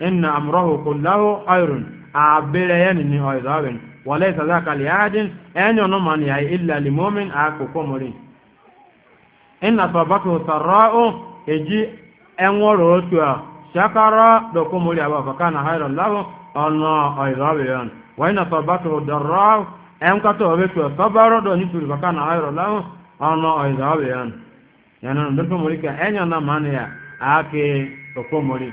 inna amrahu kullahu khairun abere yani ni oizawin walaysa dhaka liadin enyo no man ya illa limumin akukomori inna sabatu sarra'u eji enworo otu a shakara dokomori aba fakana khairan lahu ona oizawin wa inna sabatu darra'u enkato obetu sabaro do nituri fakana khairan lahu ona oizawin yana ndokomori ka enyo na man ya ake dokomori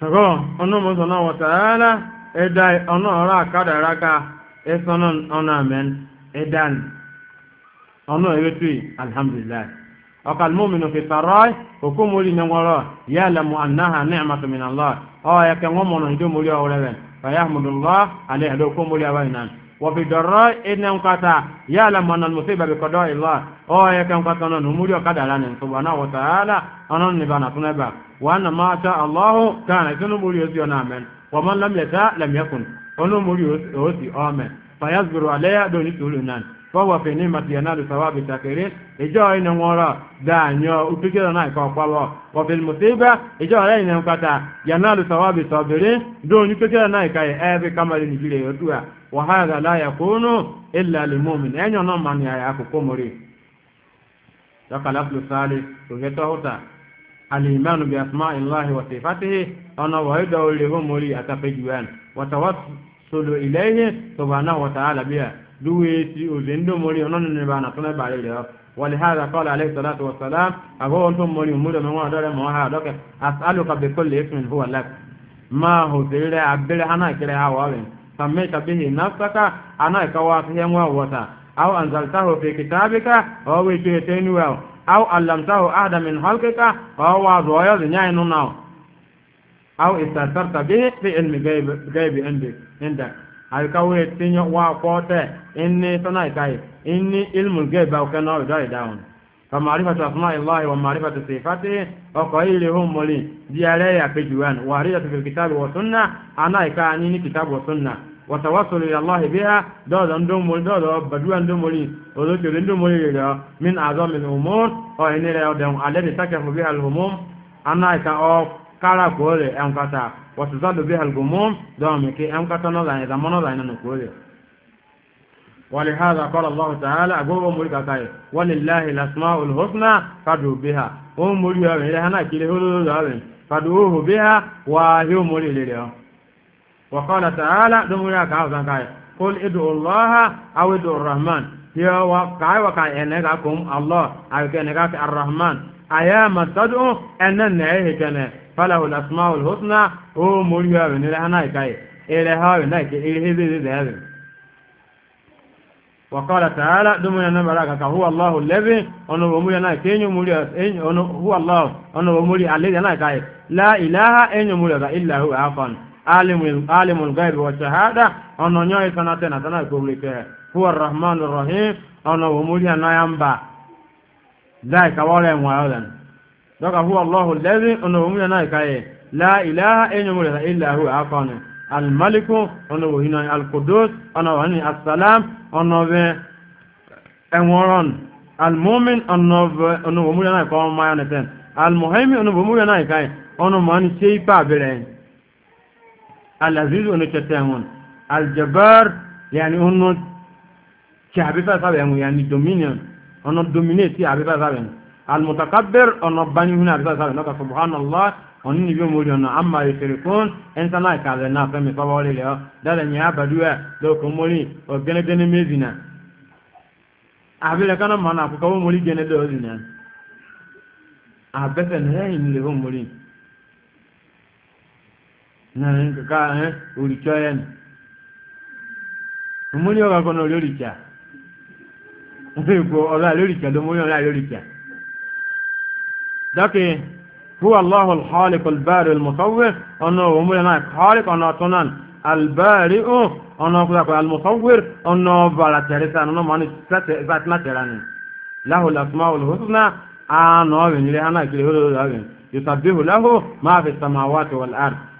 sọ̀rọ̀ ọ̀nàmọ̀sọ̀nà wọ̀tàrálá ẹ̀dá ọ̀nà ọ̀rọ̀ àkádàráká ẹ̀sọ́nà ọ̀nà àmẹ́n ẹ̀dán ọ̀nà ìrètí alhamdulillah ọ̀kàl mọ́mìnà fi sàrọ̀ òkú mórí ní wọ́rọ̀ yà lẹ́mú anáhà ní àmàtòmìnà lọ ọ̀ ẹ̀kẹ́ wọ́n وفي الضراء إن أنقطع يعلم أن المصيبة بقضاء الله أو يكنقطع أن نمر قدرا سبحانه وتعالى أن نبانا سنبا وأن ما شاء الله كان سنمر يسيونا من ومن لم يشاء لم يكن ونمر يسي آمن فيصبر عليها دون سهولنا فهو في نعمة ينال ثواب الشاكرين إجا إن ورا دانيو أتجد نايك أقوى وفي المصيبة إجا إن أنقطع ينال ثواب الصابرين دون يتجد نايك أبي كما لنجيلي يتوى وهذا لا يكون إلا للمؤمن أين نوم من يأكو كمري يقال أصل الثالث وهيته الإيمان بأسماء الله وصفاته أنا وهيده له مري أتفجوان وتوصل إليه سبحانه وتعالى بها دويتي وزندو مري أنه نبانا تنبع إليه ولهذا قال عليه الصلاة والسلام أقول أنتم مري مري من وعدار موها أسألك بكل اسم هو لك ما هو سيري عبد الحنا كريها وابن sammaita bihi nafsaka ana ikawa ta yan wa wata aw anzaltahu fi kitabika aw wa tu'tinu wa aw allamtahu ahada min halqika aw wa zoya zinya inuna aw istatarta bihi fi ilmi ghaib ghaib indi inda ay kawe tinyo wa kote inni tana kai inni ilmu ghaib aw kana dai down فمعرفة أسماء الله ومعرفة صفاته وقائلهم مولين دي عليها في جوان واردة في الكتاب والسنة أنا إكاني كتاب والسنة wàtàwàsọ̀rọ̀ ìyàlọ́hì bí a dọ́ọ̀dọ̀ ndómori dọ́ọ̀dọ̀ bàdúrà ndómori olókèrè ndómori rẹ̀ min àzọ́ min humor ọ̀ ẹni rẹ̀ ọ̀dẹ̀hùn alẹ́dẹ̀ sákẹ̀fù bí alhumum anáìka ọ kára kóòrè ẹnkata wàtúzádù bí alhumum dọ́ọ̀mìkì ẹnkata nọ́là ìdàmọ́ nọ́là ìnànà kóòrè ولهذا قال الله تعالى أقوى ملكا كاي ولله الأسماء الحسنى فادعوا بها أم مليا إلى هنا كله فادعوه بها وهي مليا وقال تعالى دم يا كاوزان كاي قل ادعوا الله او ادعوا الرحمن يا وكاي وكاي انكم الله او كانك الرحمن ايا ما تدعو ان نهي كان فله الاسماء الحسنى او مريا بن الهنا كاي الى هاي نك الى هذه وقال تعالى دم يا نبرك هو الله الذي انه ومريا نا كينو مريا انه هو الله انه ومريا الذي نا لا اله الا هو الا هو عفوا alimul gaibi washahada ono nyoikana tena tena ikublike huwa rrahmanu rrahim ono wumulia noyamba daikawole mwayolen doka huwa allahu ledhi ono wumulia noikaye la ilaha enyumulia illa huwa akone almaliku ono wuhinoi alqudus ono wani assalam ono ve enworon almumin ono wumulia noikomayone ten almuhimi ono wumulia noikaye ono mani sheipa bilen العزيز ونتتامون الجبار يعني هنو كعبي فاسابين يعني دومينيون هنو دومينيتي عبي فاسابين المتكبر هنو باني هنا عبي فاسابين لك سبحان الله هنو نبيو موليون أما يشركون انسانا يكاذرنا فمي صبا ولي لها دالا نيابا دوا لو كمولي وغنى دني ميزينا عبي لكنا مانا فكو مولي جنة دوزينا عبي فنهين لهم مولين kaka ulicho yenu umuli oga kono lyolicha ko ola lyolicha do muli ola lyolicha dake huwa allah al khaliq al bari al musawwir ono umuli na khaliq ono tonan al bari ono kula ko al musawwir ono bala teresa ono mani sate zat na terani lahu al asmaul husna ano wenile ana kile holo lahu yusabbihu lahu ma fi samawati wal ardh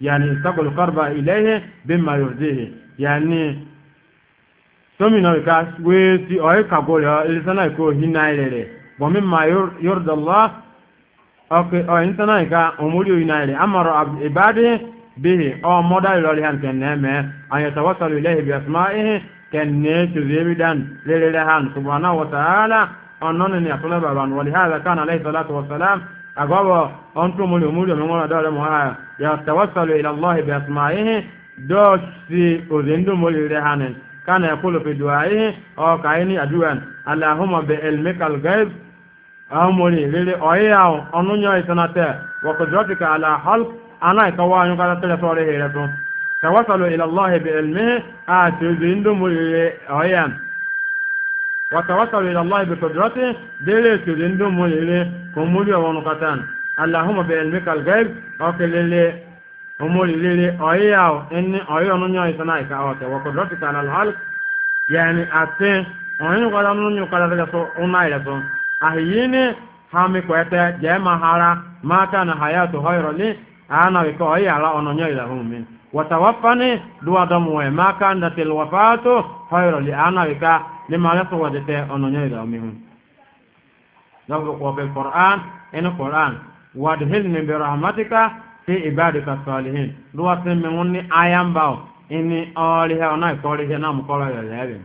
يعني استقل القرب إليه بما يرضيه يعني tómìnà ìka wéé tí ọ̀yẹ́ kàgọ́rẹ̀ ìlísánà ìkó hinna ìrẹ̀rẹ̀ bọ̀mí ma yọ̀rọ̀dọ̀ lọ ọ̀yẹ́ ìsánà ìka òmúrí òyìnà ìrẹ̀ amọ̀rọ̀ ìbádé bíhì ọmọdá ìrọ̀lẹ̀ hàn kẹ̀nẹ́ mẹ́ àyẹ̀tọ̀wọ́sọ̀rọ̀ ilẹ̀ ìbí ẹ̀sùmá ihe kẹ̀nẹ́ tùzẹ́bí dán lérẹ̀rẹ̀ hàn subhanahu wa ta'ala ọ̀nà ni àtúnlẹ̀ bàbá agogo ontu muli umuri omengona dole muhaya yatawassalu ila allahi biasmaihi do si ozindu muli rehanen kana yakulu fi duaihi o kaini aduan allahumma bi ilmika alghaib amuri lili oyao onunyo isanate wa qudratika ala halq ana ikawanyu kala tele sore hiretu tawassalu ila allahi bi ilmihi a tuzindu muli وتوسلوا إلى الله بقدرته دليل تلندم وليلي كمولي ونقطان اللهم بعلمك الغيب وكليلي أمولي ليلي أياو إني أياو نونيو إسنايك أوتي وقدرتك على الخلق يعني أتين أين قال نونيو قال لك أمي لك أهيني hami kwete je mahara mata na hayatu hayro li ana wiko ayi ala ononyo ila humi watawafani duwa damu we maka ndatil wafatu hayro li ana wika lima ala sɔgɔ de tɛ ɔnɔ nyɛ yɛrɛ mi hun dɔnku kɔ bɛ kɔrɔan ɛni kɔrɔan wadu hin ni bɛ rahmatika fi ibadi ka sɔlihin luwa sin mi hun ni ayan baw ini ɔliha ɔna ikɔliha na mu kɔlɔ yɛrɛ yɛrɛ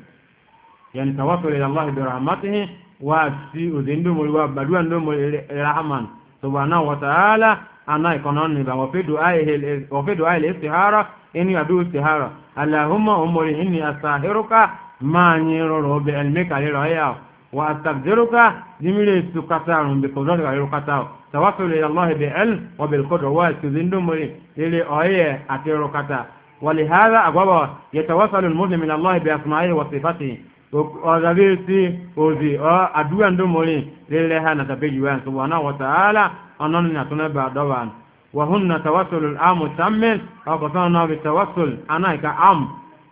yanni tawasuli alahi bi rahmatihi wa si ozin domoli wa baduwa domoli rahman subhanahu wa ta'ala ana ni ba wa fi du'a il istihara ini adu istihara allahumma umuri inni astahiruka maanyi roro be elmika lero yao wa astaqdiruka jimile tukataru bi qudratika lero katao tawassul ila allah bi ilm wa bil qudra wa tuzindu muri lele oye atero kata ولهذا أقوى يتوصل المسلم إلى الله بأسمائه وصفاته ọ̀dàbíyèsí òzì ọ́ àdúrà ndó mọ́lẹ̀ lélẹ̀ ha nàtàbẹ́jì wá ṣùgbọ́n náà wọ́n tààlà ọ̀nà ní àtúnẹ́bà dọ́wà wọ́n na tawassul amu samin ọkọ̀ sọ́nà náà bi tawassul anáìka am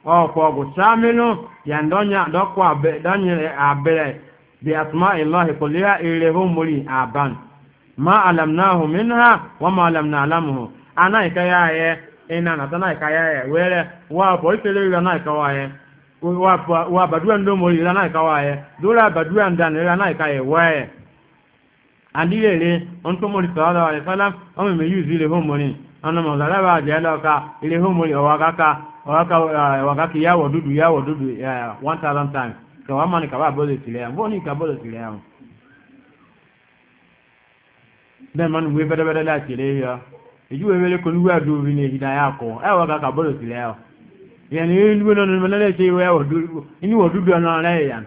ọ̀pọ̀ ọ̀gù samilu yan donya dokwa be danye abere bi asma'illahi kulliya ilehu mori aban ma alamnahu minha wa ma lam na'lamuhu ana ya ye ina na na-ata tana ya ye were wa bo itele ila na ikawa ye wa wa badua ndo mori ila na ikawa ye dura badua ndan ila na ikaye we andilele onto muri sallallahu alaihi wasallam o me yuzi ile ho muri ana mo zalaba jela ka ile ho muri o wa kaka waka uh, wakaki ya wadudu ya wadudu ya uh, 1000 times so wama ni sile ya mboni kabole sile ya then man we bada bada la sile ya iju we bele kunu vine hida yako waka sile ya ya ni wono ni manale sile ya wadudu wadudu ya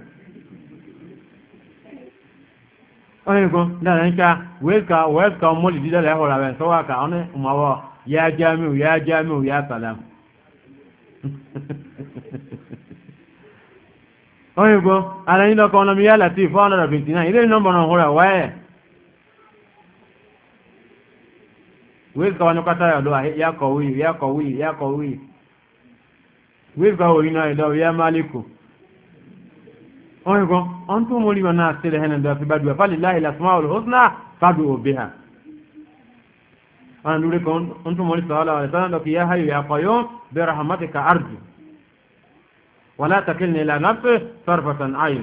oye ko dara nka weka weka mo di ya hola ben so waka one umawo ya jamiu ya jamiu ya oyinbo ara yín lọkọ ọlọmọ yá láti four hundred twenty nine ilé nọmba náà hóra wáyẹ wíìsì kọ́ wọn kọ́tà ọ̀dọ́ yà kọ̀ wíì yà kọ̀ wíì yà kọ̀ wíì wíìsì kọ́ òyìn náà ìdọ̀ yà máàlíkù oyinbo ọ̀n tó mú rí wọn náà sílẹ̀ hẹ́nẹ̀ dọ̀ fi bá dùn ẹ̀fà lè láì lásìmọ́ ọ̀rọ̀ ó sì náà fàdùn òbí hàn an lure ko on to mori sallallahu alaihi wasallam ki ya hayyu ya qayyum bi rahmatika arju wala takilni ila nafsi sarfatan ayn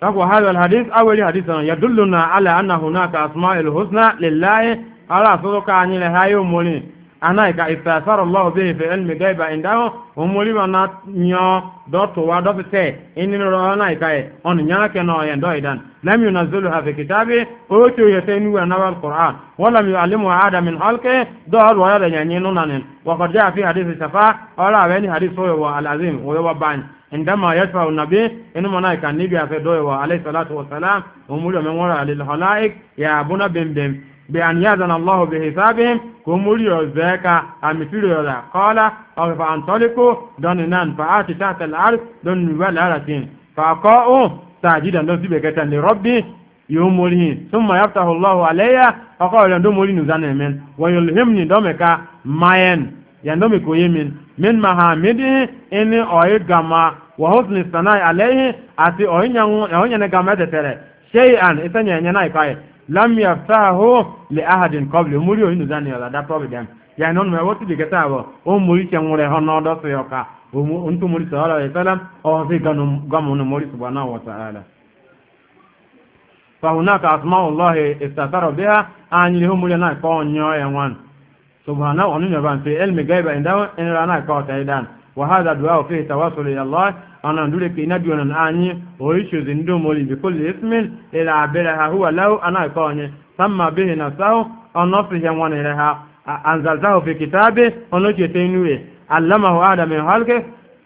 tako hadha alhadith awali hadithan yadulluna ala anna hunaka asma'ul husna lillahi ala sadaqa anil hayyu muni anaika ifasara allah bihi fi ilmi gaiba indahu umuli wana nyo dotu wa dotu te ini ro anaika e on nyana ke no yendo idan lam yunazzilu ha fi kitabi otu yatenu wa nawa alquran wa lam yuallimu ada min halqi dahar wa yada nyanyi nunanin wa qad jaa fi hadith safa ala wani hadith wa alazim wa ban indama yashfa nabi inu malaika nibi afe doyo wa alayhi salatu wa salam umuli wa mengora lil halaik ya abuna bim bim بأن يأذن الله بحسابهم كمولي الزكاة أمثيل ولا قال أو فأنطلقوا دوننان فآتي تحت الأرض دون والأرضين فأقاؤوا ساجدا دون سبكة لربي يومولي ثم يفتح الله عليها أقول لهم دومولي نزان من ويلهمني دومك ماين يندومي كويمين من محمده إني أويقما وحسن الثناء عليه أتي أوين ينغم أتتره شيئا إتنى ينغم lam yaftahu li ahadin qabli muri oyinu zani yola da problem ya non me wotu de keta bo o muri che ho no do so ka o ntu muri sallallahu alaihi wasallam o se ganu gamu no muri subhanahu wa ta'ala fa hunaka asma'u allah istatara biha an na ko nyo e wan subhanahu wa ta'ala ilmi gaiba rana ka ta idan wa hadha du'a fi tawassul ila allah ana ndure ke ina biyo nan anyi o ishu zin do moli bi kulli ismin ila abira ha huwa lahu ana ko anyi samma bihi nasahu ono fi hen wani reha anzalzahu fi kitabe ono ke tenuwe allamahu adam min halke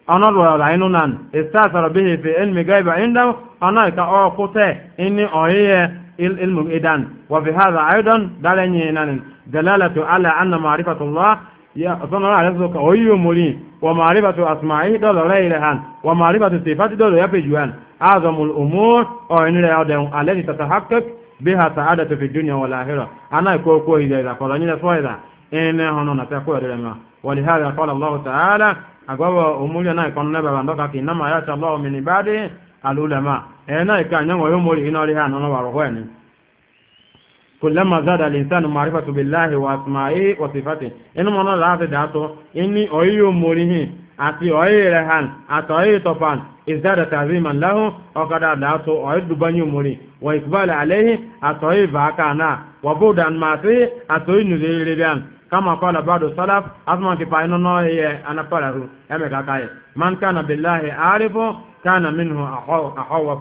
ono ro la inu nan istasara bihi fi ilmi gaiba inda ana ka o kute inni oyiye ilmu idan wa fi hadha aidan dalanyi nan dalalatu ala anna ma'rifatu allah ya sanara alazuka oyiyo moli ومعرفة أسمائه دول ريلهان ومعرفة صفات دول يبجوان أعظم الأمور أو إن لا التي تتحقق بها سعادة في الدنيا والآخرة أنا يقول كوي إذا إذا قال أنا سوى إذا إن هنا نتقوى دلما ولهذا قال الله تعالى أقوى أمور أنا يكون نبا بندقك إنما يأتي الله من عباده العلماء أنا يكون يوم يوم يوم يوم يوم يوم كلما زاد الإنسان معرفة بالله وأسمائه وصفاته إن من الله دعته إني أيو مريه أتي أي رهان أتي أي طفان ازداد تعظيما له وقد دعته أعد بني مري وإقبال عليه أتي أي فاكانا وبعد عن معصيه أتي نزيل ربيان كما قال بعض السلف أسمع كفاين نوعي أنا قاله أمك أكاي من كان بالله عارف كان منه أخوف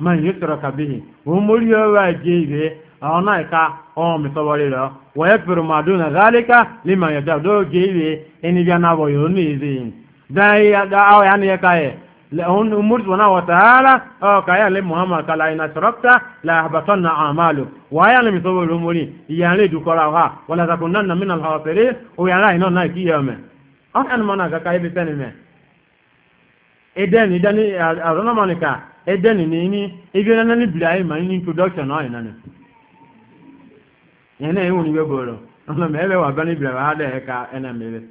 man yusraka bihi òun mórí ọ̀rọ̀ àjẹ́ ìwé àwọn náà ká ọmọ mi sọ wọlé lọ wọ́n yẹ pèrò màdúnà zálíkà lè mà yọ̀dá lóò jẹ́ ìwé ẹni bí anáwọ̀ yóò ní ìdí yìí dáhùn yá ni yẹ ká yẹ umur subhanahu ka ya le muhammad kala ina tarakta la habatanna a'malu wa ya le misobo rumuri ya le du kora ha wala takunanna min al hawafiri o ya la ina na ki ya me an an mana ga kai bi tani me eden idani eh, azona manika edeni na ini ibi na nani bila ma ini introduction na ina ne yana yi wuni beboro na me ebe wa bani bila ba da ka ena mele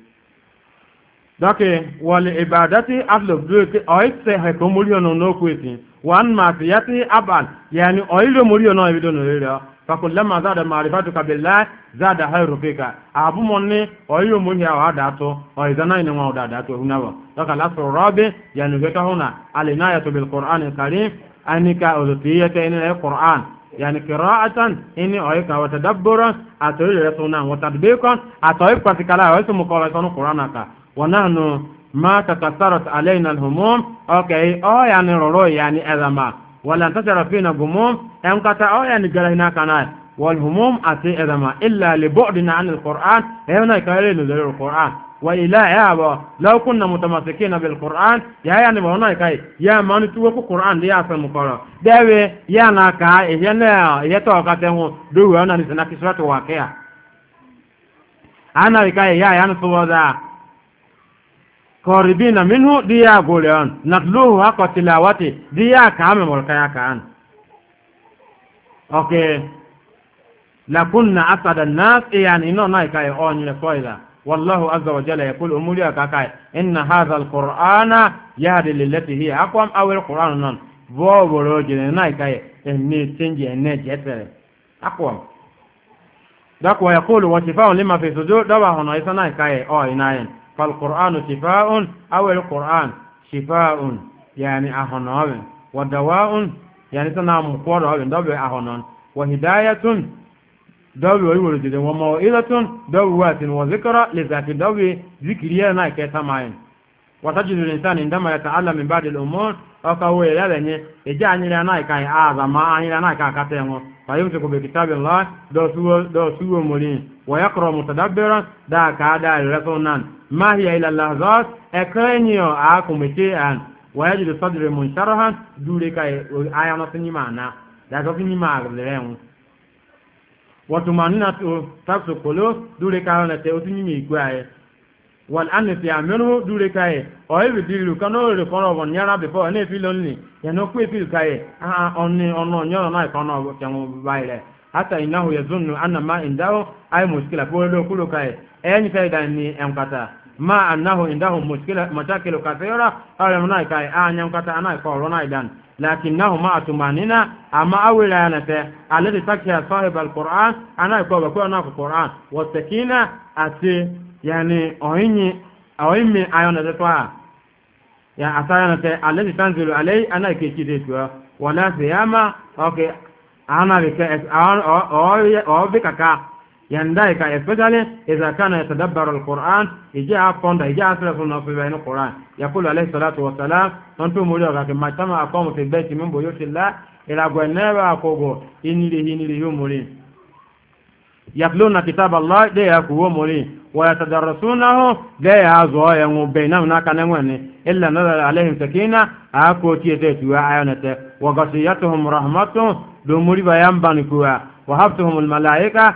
doke wal ibadati aflo bloke oit se ha ko muri ono no kwesi wan ma yati aban yani oiro muri ono ibido no rera fakulama zada maarifatu kabila zada hayru fika abu monni oyu muhi awa datu o izana ina wa da huna wa daga lasu rabi yani veta huna alinayatu bil qur'an karim anika uzutiyata ina qur'an yani qira'atan inni oyka wa tadabburan atoyi rasuna wa tadbiqan atoyi patikala wa ismu qawlan qur'anaka wa nahnu ma takassarat alaina al humum okay o yani roro yani azama ولا انتشر فينا الهموم انقطع يعني جلينا كناي والهموم أتي إذا إلا لبعدنا عن القرآن هنا يكالين ذلك القرآن وإلى يا أبا لو كنا متمسكين بالقرآن يا يعني هنا كاي يا ما نتو القرآن دي أصلا مقرأ ده يا ناكا يا يتوقع تهون دو أنا نسنا كسرة واقع أنا كاي يا يعني سوذا koribina منه ديا gole on natluhu hako tilawati diya kame molkaya kaan ok lakunna asada nas iyan ino nai kai والله عز وجل يقول أمولي كاكاي إن هذا القرآن يهدي للتي هي أقوم أو القرآن نون بوبو روجين نايكاي إني تنجي إني جتر أقوم دك ويقول وشفاء لما في سجود دوا هنا إسا نايكاي أو إناين فالقرآن شفاء أو القرآن شفاء يعني أهنوه ودواء يعني تنام قوة دبل أهنون وهداية دبل ويولد وموئلة دوات وذكرى لذات دبل ذكرية نايكة تماين وتجد الإنسان عندما يتعلم من بعض الأمور أو يلالني إجا أن يلا نايكا أعظم ما أن يلا نايكا كتيمو فيمسك بكتاب الله دو سوى, دو مولين ويقرأ متدبرا دا كادا الرسولان ما هي إلى اللحظات أكرينيو آكم شيئا ويجد صدر منشرها دولك آية نصني معنا دا تصني مع غزرين وتمانينة تفس قلوب دولك آية نتوتني ميكواي والآن في عمله دولك آية أوي بديلو كانوا يقولوا ونيرا بفو أنا في لوني ينوكوي في الكاية أنا أنا أنا أنا أنا أنا أنا أنا أنا hata inahu yazunnu anna ma indahu ay mushkila bolo kulo kae yani faida ni amkata ma annahu indahu mushkila mashakil kathira ala munai kai anya ah, amkata anai ko ronai dan lakinnahu ma atumanina ama awila anata alladhi takia sahib alquran anai ko ko na ko quran wa sakina ati yani oinyi awimi ayona zetwa ya asayana te alladhi tanzilu alai anai ke kidetwa wala siyama okay ana bi ka o bi kaka yanda ka especially idza kana yatadabbaru alquran ija aponda ija asra sunna fi bayin alquran yaqulu alayhi salatu wa salam antum mudaga kama tama aqamu fi baiti min Allah ila gwanaba akogo inili hinili yumuli yatluna kitab allah de yakuwo muli ويتدرسونه لا يعزوا يمو بينهم ناكنا وني إلا نظر عليهم سكينة أكو تيزيت وعينته وغسيتهم رحمة دموري بيانبانكوا وحفتهم وهفتهم الملائكة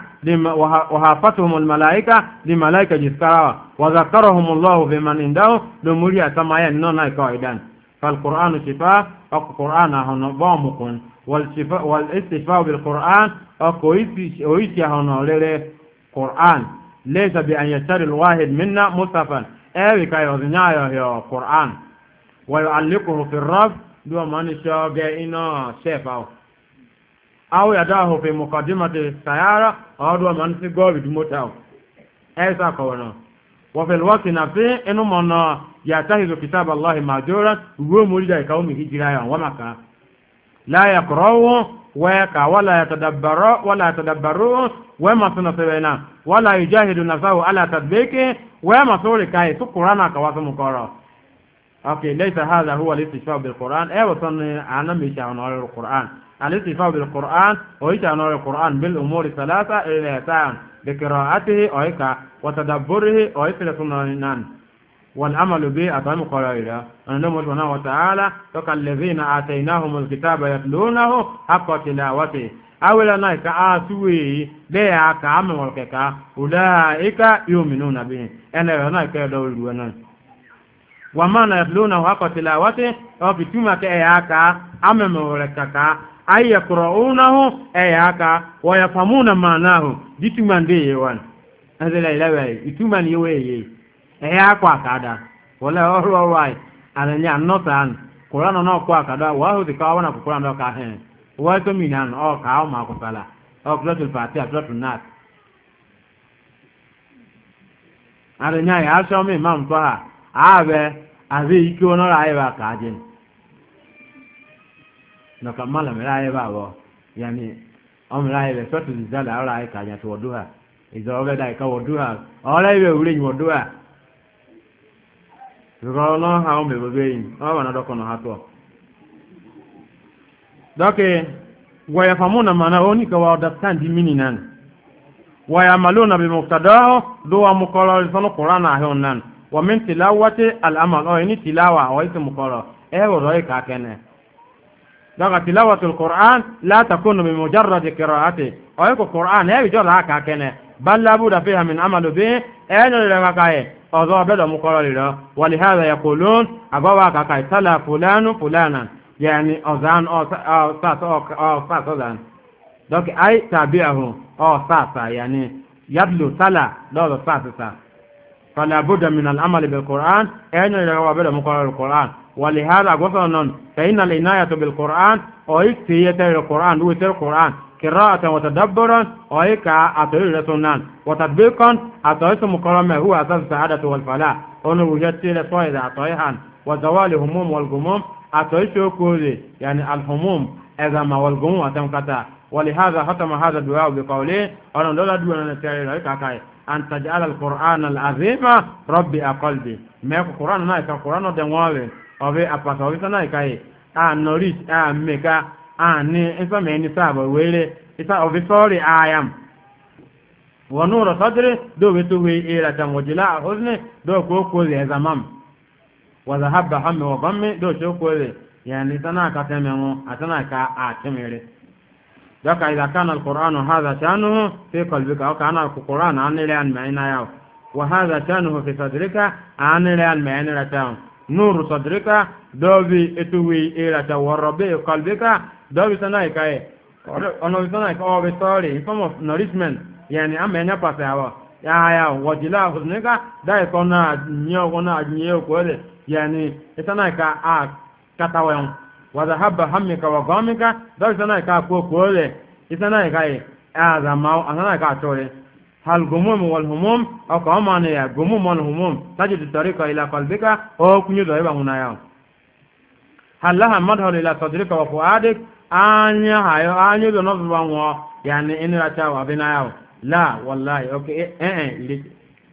وحفتهم الملائكة لملائكة جسكرا وذكرهم الله في من عنده دموري أتمايان نونا قائدا فالقرآن شفاء القرآن هنا ضامكن والاستشفاء بالقرآن أكو إيسي هنا قرآن ليس بأن يشتري الواحد منا مصحفا أوي كي يظنع يا قرآن ويعلقه في الرف دو من شاقه إنا شفاو أو يداه في مقدمة السيارة أو دو من سيقو بدموتاو أيسا كونا وفي الوقت نفسه إنه من يتهز كتاب الله مهجورا ومريد كومه هجرايا ومكا لا يقرأه ويكا ولا يتدبروا ولا يتدبروا وما سنتبعنا ولا يجاهد نفسه على تدبيك وما سولك أي سكرانا كواسم القرى أوكي ليس هذا هو الاستشفاء بالقرآن أي أيوة، وصلنا أنا ميشا نور القرآن الاستشفاء بالقرآن ويشا نور القرآن بالأمور الثلاثة إلى بقراءته أويكا وتدبره أويكا لسنة والعمل به أتم قرائرا أنهم سبحانه وتعالى تقى الذين آتيناهم الكتاب يتلونه حق تلاوته أولا نايك آسوي ليا كعم والككا أولئك يؤمنون به أنا نايك يدولون وما يتلونه حق تلاوته وبتما كأياك عم والككا أي يقرؤونه أياك ويفهمون معناه دي تمان دي يوان هذا لا إله إلا الله ehe akọ akada Wole ọrụ ọrụ anyị alanye anọsan kụrụ anọ na kwụkwụrụ anọ ka ahụ wa ka ọ ma akwụsala ọ kụlọtụ pati a kụlọtụ nat alanye anyị asọ m imam ike anyị anyị abụọ ya ni ọ mere anyị bụ sọtụ zizala ọrụ anyị ka ha dị ka because no ha o mebe beyin o wa na doko no hato doke wa yafamuna maana oni ka wa understand meaning nan wa yamaluna bi muqtadahu do wa muqara sanu qur'ana ahon ni tilawa o ise muqara e wo kene daga tilawatul qur'an la takunu bi mujarrad qira'ati o qur'an e bi jora ka kene bal la e no فضوا بدأ مقرر له ولهذا يقولون أبوا كاكاي سلا فلان فلانا يعني أذان أو سات أو سات أذان دوك أي تابعه أو سات يعني يدلو سلا لو سات سات فلا بد من العمل بالقرآن أين يقوى بدأ مقرر القرآن ولهذا قصرنا فإن العناية بالقرآن أو إكتية القرآن ويتر القرآن قراءة وتدبرا وهيك أطير رسولنا وتطبيقا أطير مكرمة هو أساس السعادة والفلاة أنه وجدت لصائد أطيها وزوال هموم والغموم أطير شوكولي يعني الهموم إذا ما والغموم أتمكتا ولهذا ختم هذا الدعاء بقوله أنا دولا دولا نتعي رأيك أكاي أن تجعل القرآن العظيم ربي أقلبي ما يكون قرآن نايك القرآن دموالي أبي أبطاوي سنايك أن نريد أن ميكا ani ah, isa me ni sa ba wele isa o visori ayam wa nuru sadri do wetu we ila tan wajila huzni do ko ko le zamam wa zahabba hammi wa ghammi do sho ko le yani sana ka tememo atana ka a temere doka ila kana alqur'anu hadha shanuhu fi qalbika wa kana alqur'anu anile an maina yao wa hadha shanuhu fi sadrika anile an maina ratao nuru sadrika dobi etuwi ila tawarrabi qalbika dọ́bìsọ́ náà ìkáyẹ̀ ọ̀nàbìsọ́ náà ìkáwọ́ bí sọ́ọ̀rì in form of nourishment yẹni àmì ẹ̀yẹ́ pàṣẹ àwọ̀ yàáyà wọ̀jìlá òsùnìkà dáìkọ́ náà nyẹ́ ọkọ́ náà nyẹ́ ọkọ́ rẹ̀ yẹni ìsọ́ náà ìka a katawọn wàdà hábà hàmìkà wà gọ́mìkà dọ́bìsọ́ náà ìka kó kó rẹ̀ ìsọ́ náà ìkáyẹ̀ àzàmáwò àsọ́ náà ìka àtọ́rẹ̀ هل غموم والهموم او كمان يا غموم والهموم تجد الطريق الى قلبك او كنيو دايبا هنا يا هل لها مدخل الى صدرك وفؤادك anya hayo anya do no ba mo yani in ra ta wa bina yawo la wallahi okay eh eh, eh li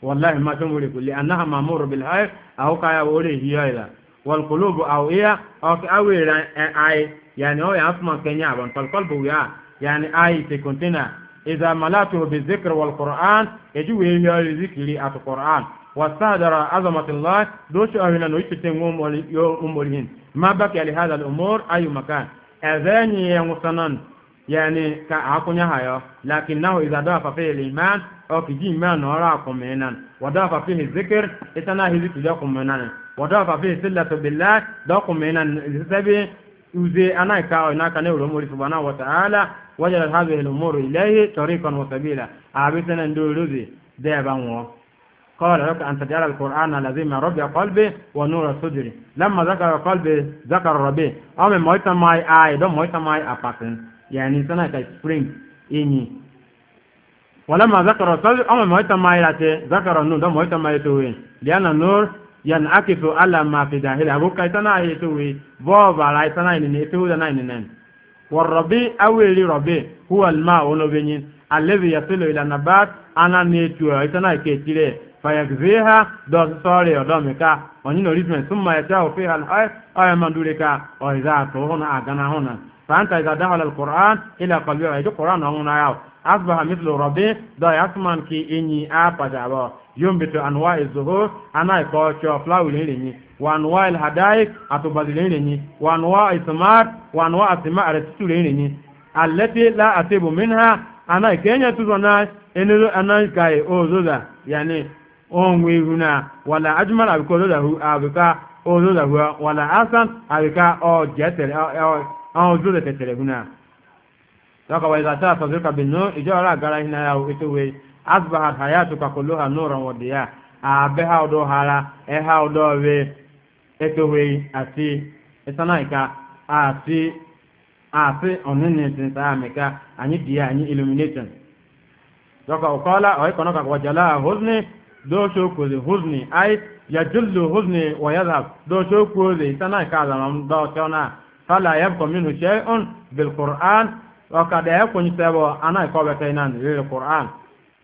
wallahi ma tun wuri kulli annaha mamuru bil hayy aw ka ya wuri hiya wal qulub aw iya aw ka awira ay yani o ya asma kenya ban tal qalbu ya yani ay te container idha malatu bi dhikr wal qur'an yaju hiya zikri at qur'an واستهدر عظمة الله دوش أهلا نويت تنغوم يوم أمورهن ما بقي لهذا الأمور أي مكان أذاني يمسنن يعني كأكون يحيى لكنه إذا ضاف فيه الإيمان أو كجي إيمان وراكم منان وضاف فيه الذكر إتنا هزيك لكم منان وضاف فيه سلة بالله لكم منان سبي يوزي أنا إكاو إناك نور أمور سبحانه وتعالى وجدت هذه الأمور إليه طريقا وسبيلا أبسنا ندور روزي دي بانوه قال لك أن تجعل القرآن العظيم ربي قلبي ونور صدري لما ذكر قلبي ذكر ربي أمي مويتا ماي آي دو مويتا ماي أباكن يعني سنة كسبرين إني ولما ذكر صدر أمي مويتا ماي لاتي ذكر النور دو مويتا ماي توين لأن النور ينعكس على ما في داخله أبوك كيتنا يتوي بابا رايتنا ينين يتوي دنا ينين والربي أولي ربي هو الماء ونبينين الذي يصل إلى النبات أنا نيتوه يتنا يكيتيري fayagziha do sori o do meka onyi no ritmen summa yata o fi hal hay ay mandure ka o iza to hona agana hona fanta iza dahala al qur'an ila qalbi wa idu qur'an on na yaw asbaha mithlu rabbi do yasman ki inyi apa dabo yumbitu anwa izuhur ana ko cho flower ni ni wa anwa al hadaik atubadile ni ni wa anwa ismar wa anwa asmar tsule ni ni allati la atibu minha ana kenya tuzona enero ana kai ozoza yani onwe ihu na wala ajumal abika ozodahu abika ozodahu wala asan abika ojetere ozodetetere na saka wa iza tara sazuka bin nur ijo ara gara hina ya ito we asbahat hayatuka kulluha nuran wa ya abe ha hara e ha odo we ito we asị isanaika ati ha anyị di ya anyị illumination kwa دو دوشو كوزي هزني أي يجل هزني ويذهب دو دوشو كوزي سنة دو شونا فلا يبقى منه شيء بالقرآن وقد يكون سبب أنا يقوى كينان للقرآن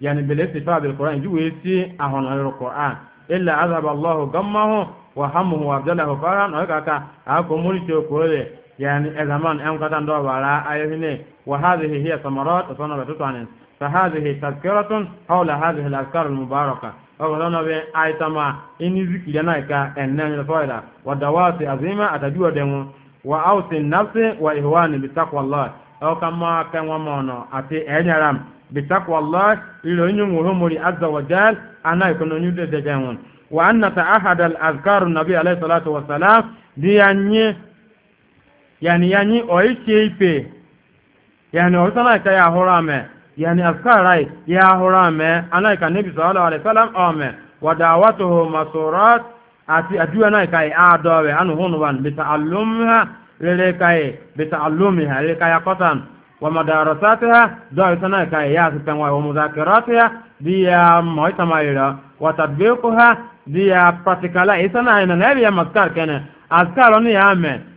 يعني بالاتفاة بالقرآن جو يسي أهون القرآن إلا أذهب الله قمه وهمه وأبدله فرحا وكاكا أكو مريشو كوزي يعني إذا الزمان أم قدن دوا على آيهني وهذه هي ثمرات صنبة تطعنين فهذه تذكرة حول هذه الأذكار المباركة ọgọdọna bẹ aitama ini zikiri na ika ẹnẹ nilfọida wa dawasi azima atajuwa dẹmu wa ausi nafsi wa ihwani bitakwallah ọka ma kẹwọn mọnà àti ẹnyaram bitakwallah ìròyìn wòhó mori azawajal ana ìkọnọyún dẹdẹ jẹun wa anata ta ahadal azkaru nabi alayhi salatu wa salam di yanyi yani yanyi oyi ṣe ipe yani ọ̀sán àìkà yà hóró àmẹ́ yani askarai ya hura me ana ka nabi sallallahu alaihi wasallam ame wa da'watuhu masurat ati aduwa na kai adowe anu hunu wan bi ta'allumha lele kai bi ta'allumiha lele kai qatan wa madarasatiha da'i sana kai ya sitan wa muzakaratiha biya moita maira wa tadbiquha biya practicala isana ina nabi ya maskar kana askar oni ame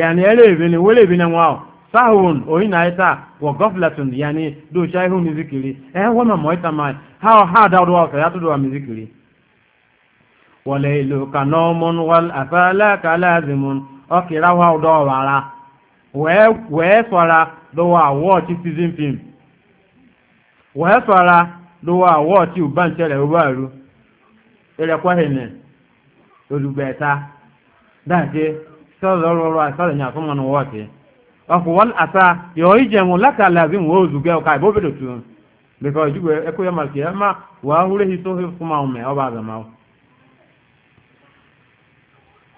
yani ele ibini wele ibini wao sahun oina eta wa gaflatun yani do chai hu mizikiri eh wana moita mai how hard out wa ya tudo wa mizikiri waleilu kanomun wal afala kalazimun okira wa do wara we we swara do wa watch season film we swara do wa watch uban chere ubaru ele kwa hene olubeta daje sọlọrọrọ asọlọ ní àfọmọ ní wọ́ọ̀ tí ọkọ wọn asa yọ ìjẹun láti alazim wo zùgẹ́ ọkà ìbó bẹ̀rẹ̀ tu bẹ̀kọ̀ ìjúgbẹ̀ ẹkọ yẹ màkì ẹ má wà á húrẹ́ yìí tó fi fún àwọn mẹ́ ọba àgbà máa.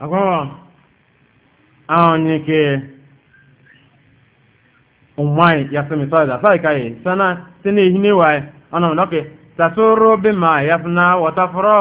àkọ́kọ́ àwọn ní kí ọmọye yasọmi sọ ẹ̀dá sáyìí káyè sọ́nà sínú ìhìn ìwà ẹ̀ ọ̀nà ọ̀nà ọ̀kẹ́ tàtúrú bí màá yasọ́nà wọ́tàfọ́rọ́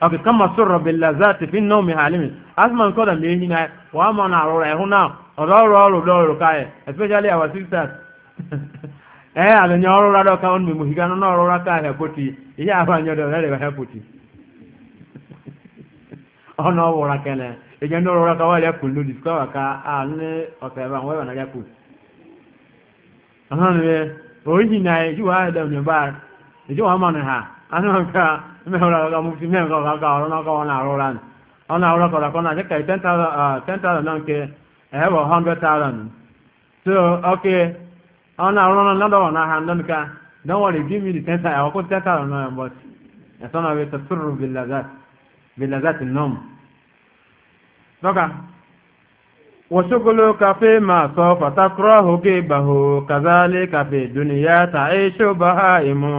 ok kama sọrọ bela zati fi nnọọ mi halimi asman kọda mi ehi na wa ama na arụrụ ịhụ e na ọdọ ọrụ ọrụ ka ya especially our sisters ee ọrụ ọnụ mmemme na ọrụ ka ihe ahụ anyị ọdọ na ọhụrụ oyi na anaka mẹ́wọ́n ọ̀gá mufti mẹ́wọ́n ọ̀gá ọ̀rọ̀ náà kọ́wọ́n náà rọra ni ọ̀nà ọ̀rọ̀ kọ̀ọ̀rọ̀ kọ́nà àti kẹ́yì ten thousand ah, ten thousand náà kẹ́ ẹ̀ wọ̀ hundred thousand so okay ọ̀nà ọ̀rọ̀ náà lọ́dọ̀ wọn don't worry give me the ten thousand ẹ̀wọ̀ kó ten thousand náà but ẹ̀sán náà wẹ̀ tẹ̀ sùrù bilazat bilazat nọ́ọ̀mù. dọ́kà وشغلك فيما سوف تكرهه جيبه كذلك في الدنيا تعيش بهائمه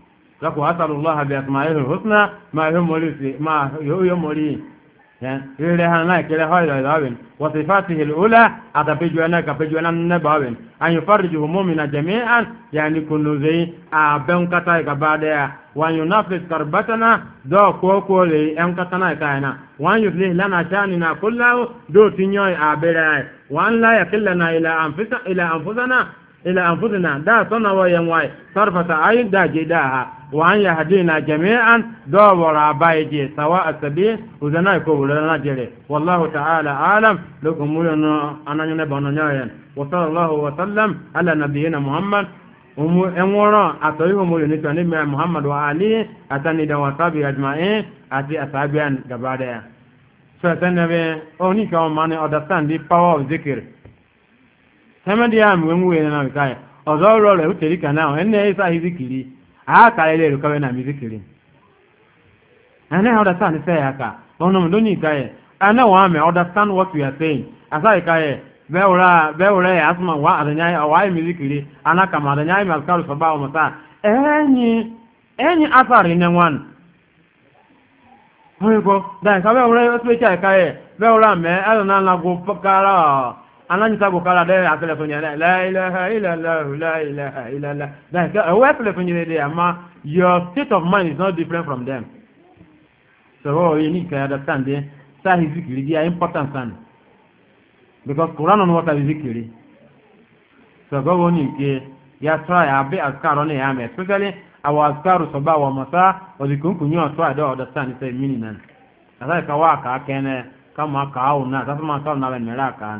لكم أسأل الله بأسمائه الحسنى ما يهم لي ما يهم لي يعني إلى هنا كلا هاي الأذابين وصفاته الأولى هذا بيجوانا كبيجوانا النبأين أن يفرج هموم من جميعا يعني كل ذي أبن كتاي كبعد وأن ينفذ كربتنا دو كوكو لي أن كتنا كأنا وأن يفلح لنا شأننا كله دو تنيوي أبلاي وأن لا يكلنا إلى أنفسنا إلى أنفسنا ila anfusina da sona wa yan wai sarfata ayin da je da ha wa an yahdina jami'an da wara bai je sawa asabi uzana ko wala na jere wallahu ta'ala alam lokum mulana ananya ne bananya yan wa sallallahu wa sallam ala nabiyyina muhammad umu enworo atoyi umu ni tani muhammad wa ali atani da wasabi ajma'in ati asabian gabada so tanabe oni ka mane understand the power of zikr sẹ́mẹ́ndì yà mí wẹ́n wẹ́n na ọ ọ̀zọ́ rọ̀ rẹ̀ wútẹ̀rí kan náà ẹ̀ náà ẹ̀sà hìzìkìrì àákàlẹ̀ ilé ìrùkọ́wẹ́ náà mìzìkìrì. na ọ̀dà ya na sẹ́yà ká ọ̀nà ya lónìí káyẹ̀ na wọ́n mi understand what we are saying àsáyì káyẹ̀ anani sabu kala de akele fanya la la ilaha illa allah la ilaha illa allah that we akele fanya de your state of mind is not different from them so oh, you need to understand eh sa hizikiri dia important sana because quran on wata hizikiri so go on ke ya try abi askaro ne ya me especially our askaru soba wa masa odikunkunyo try to understand say meaning nan kasa ka wa ka kene kama ka au na kasa ma ka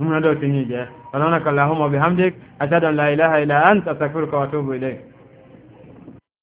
من هذا تنيجي سبحانك اللهم وبحمدك أشهد أن لا إله إلا أنت أستغفرك وأتوب إليك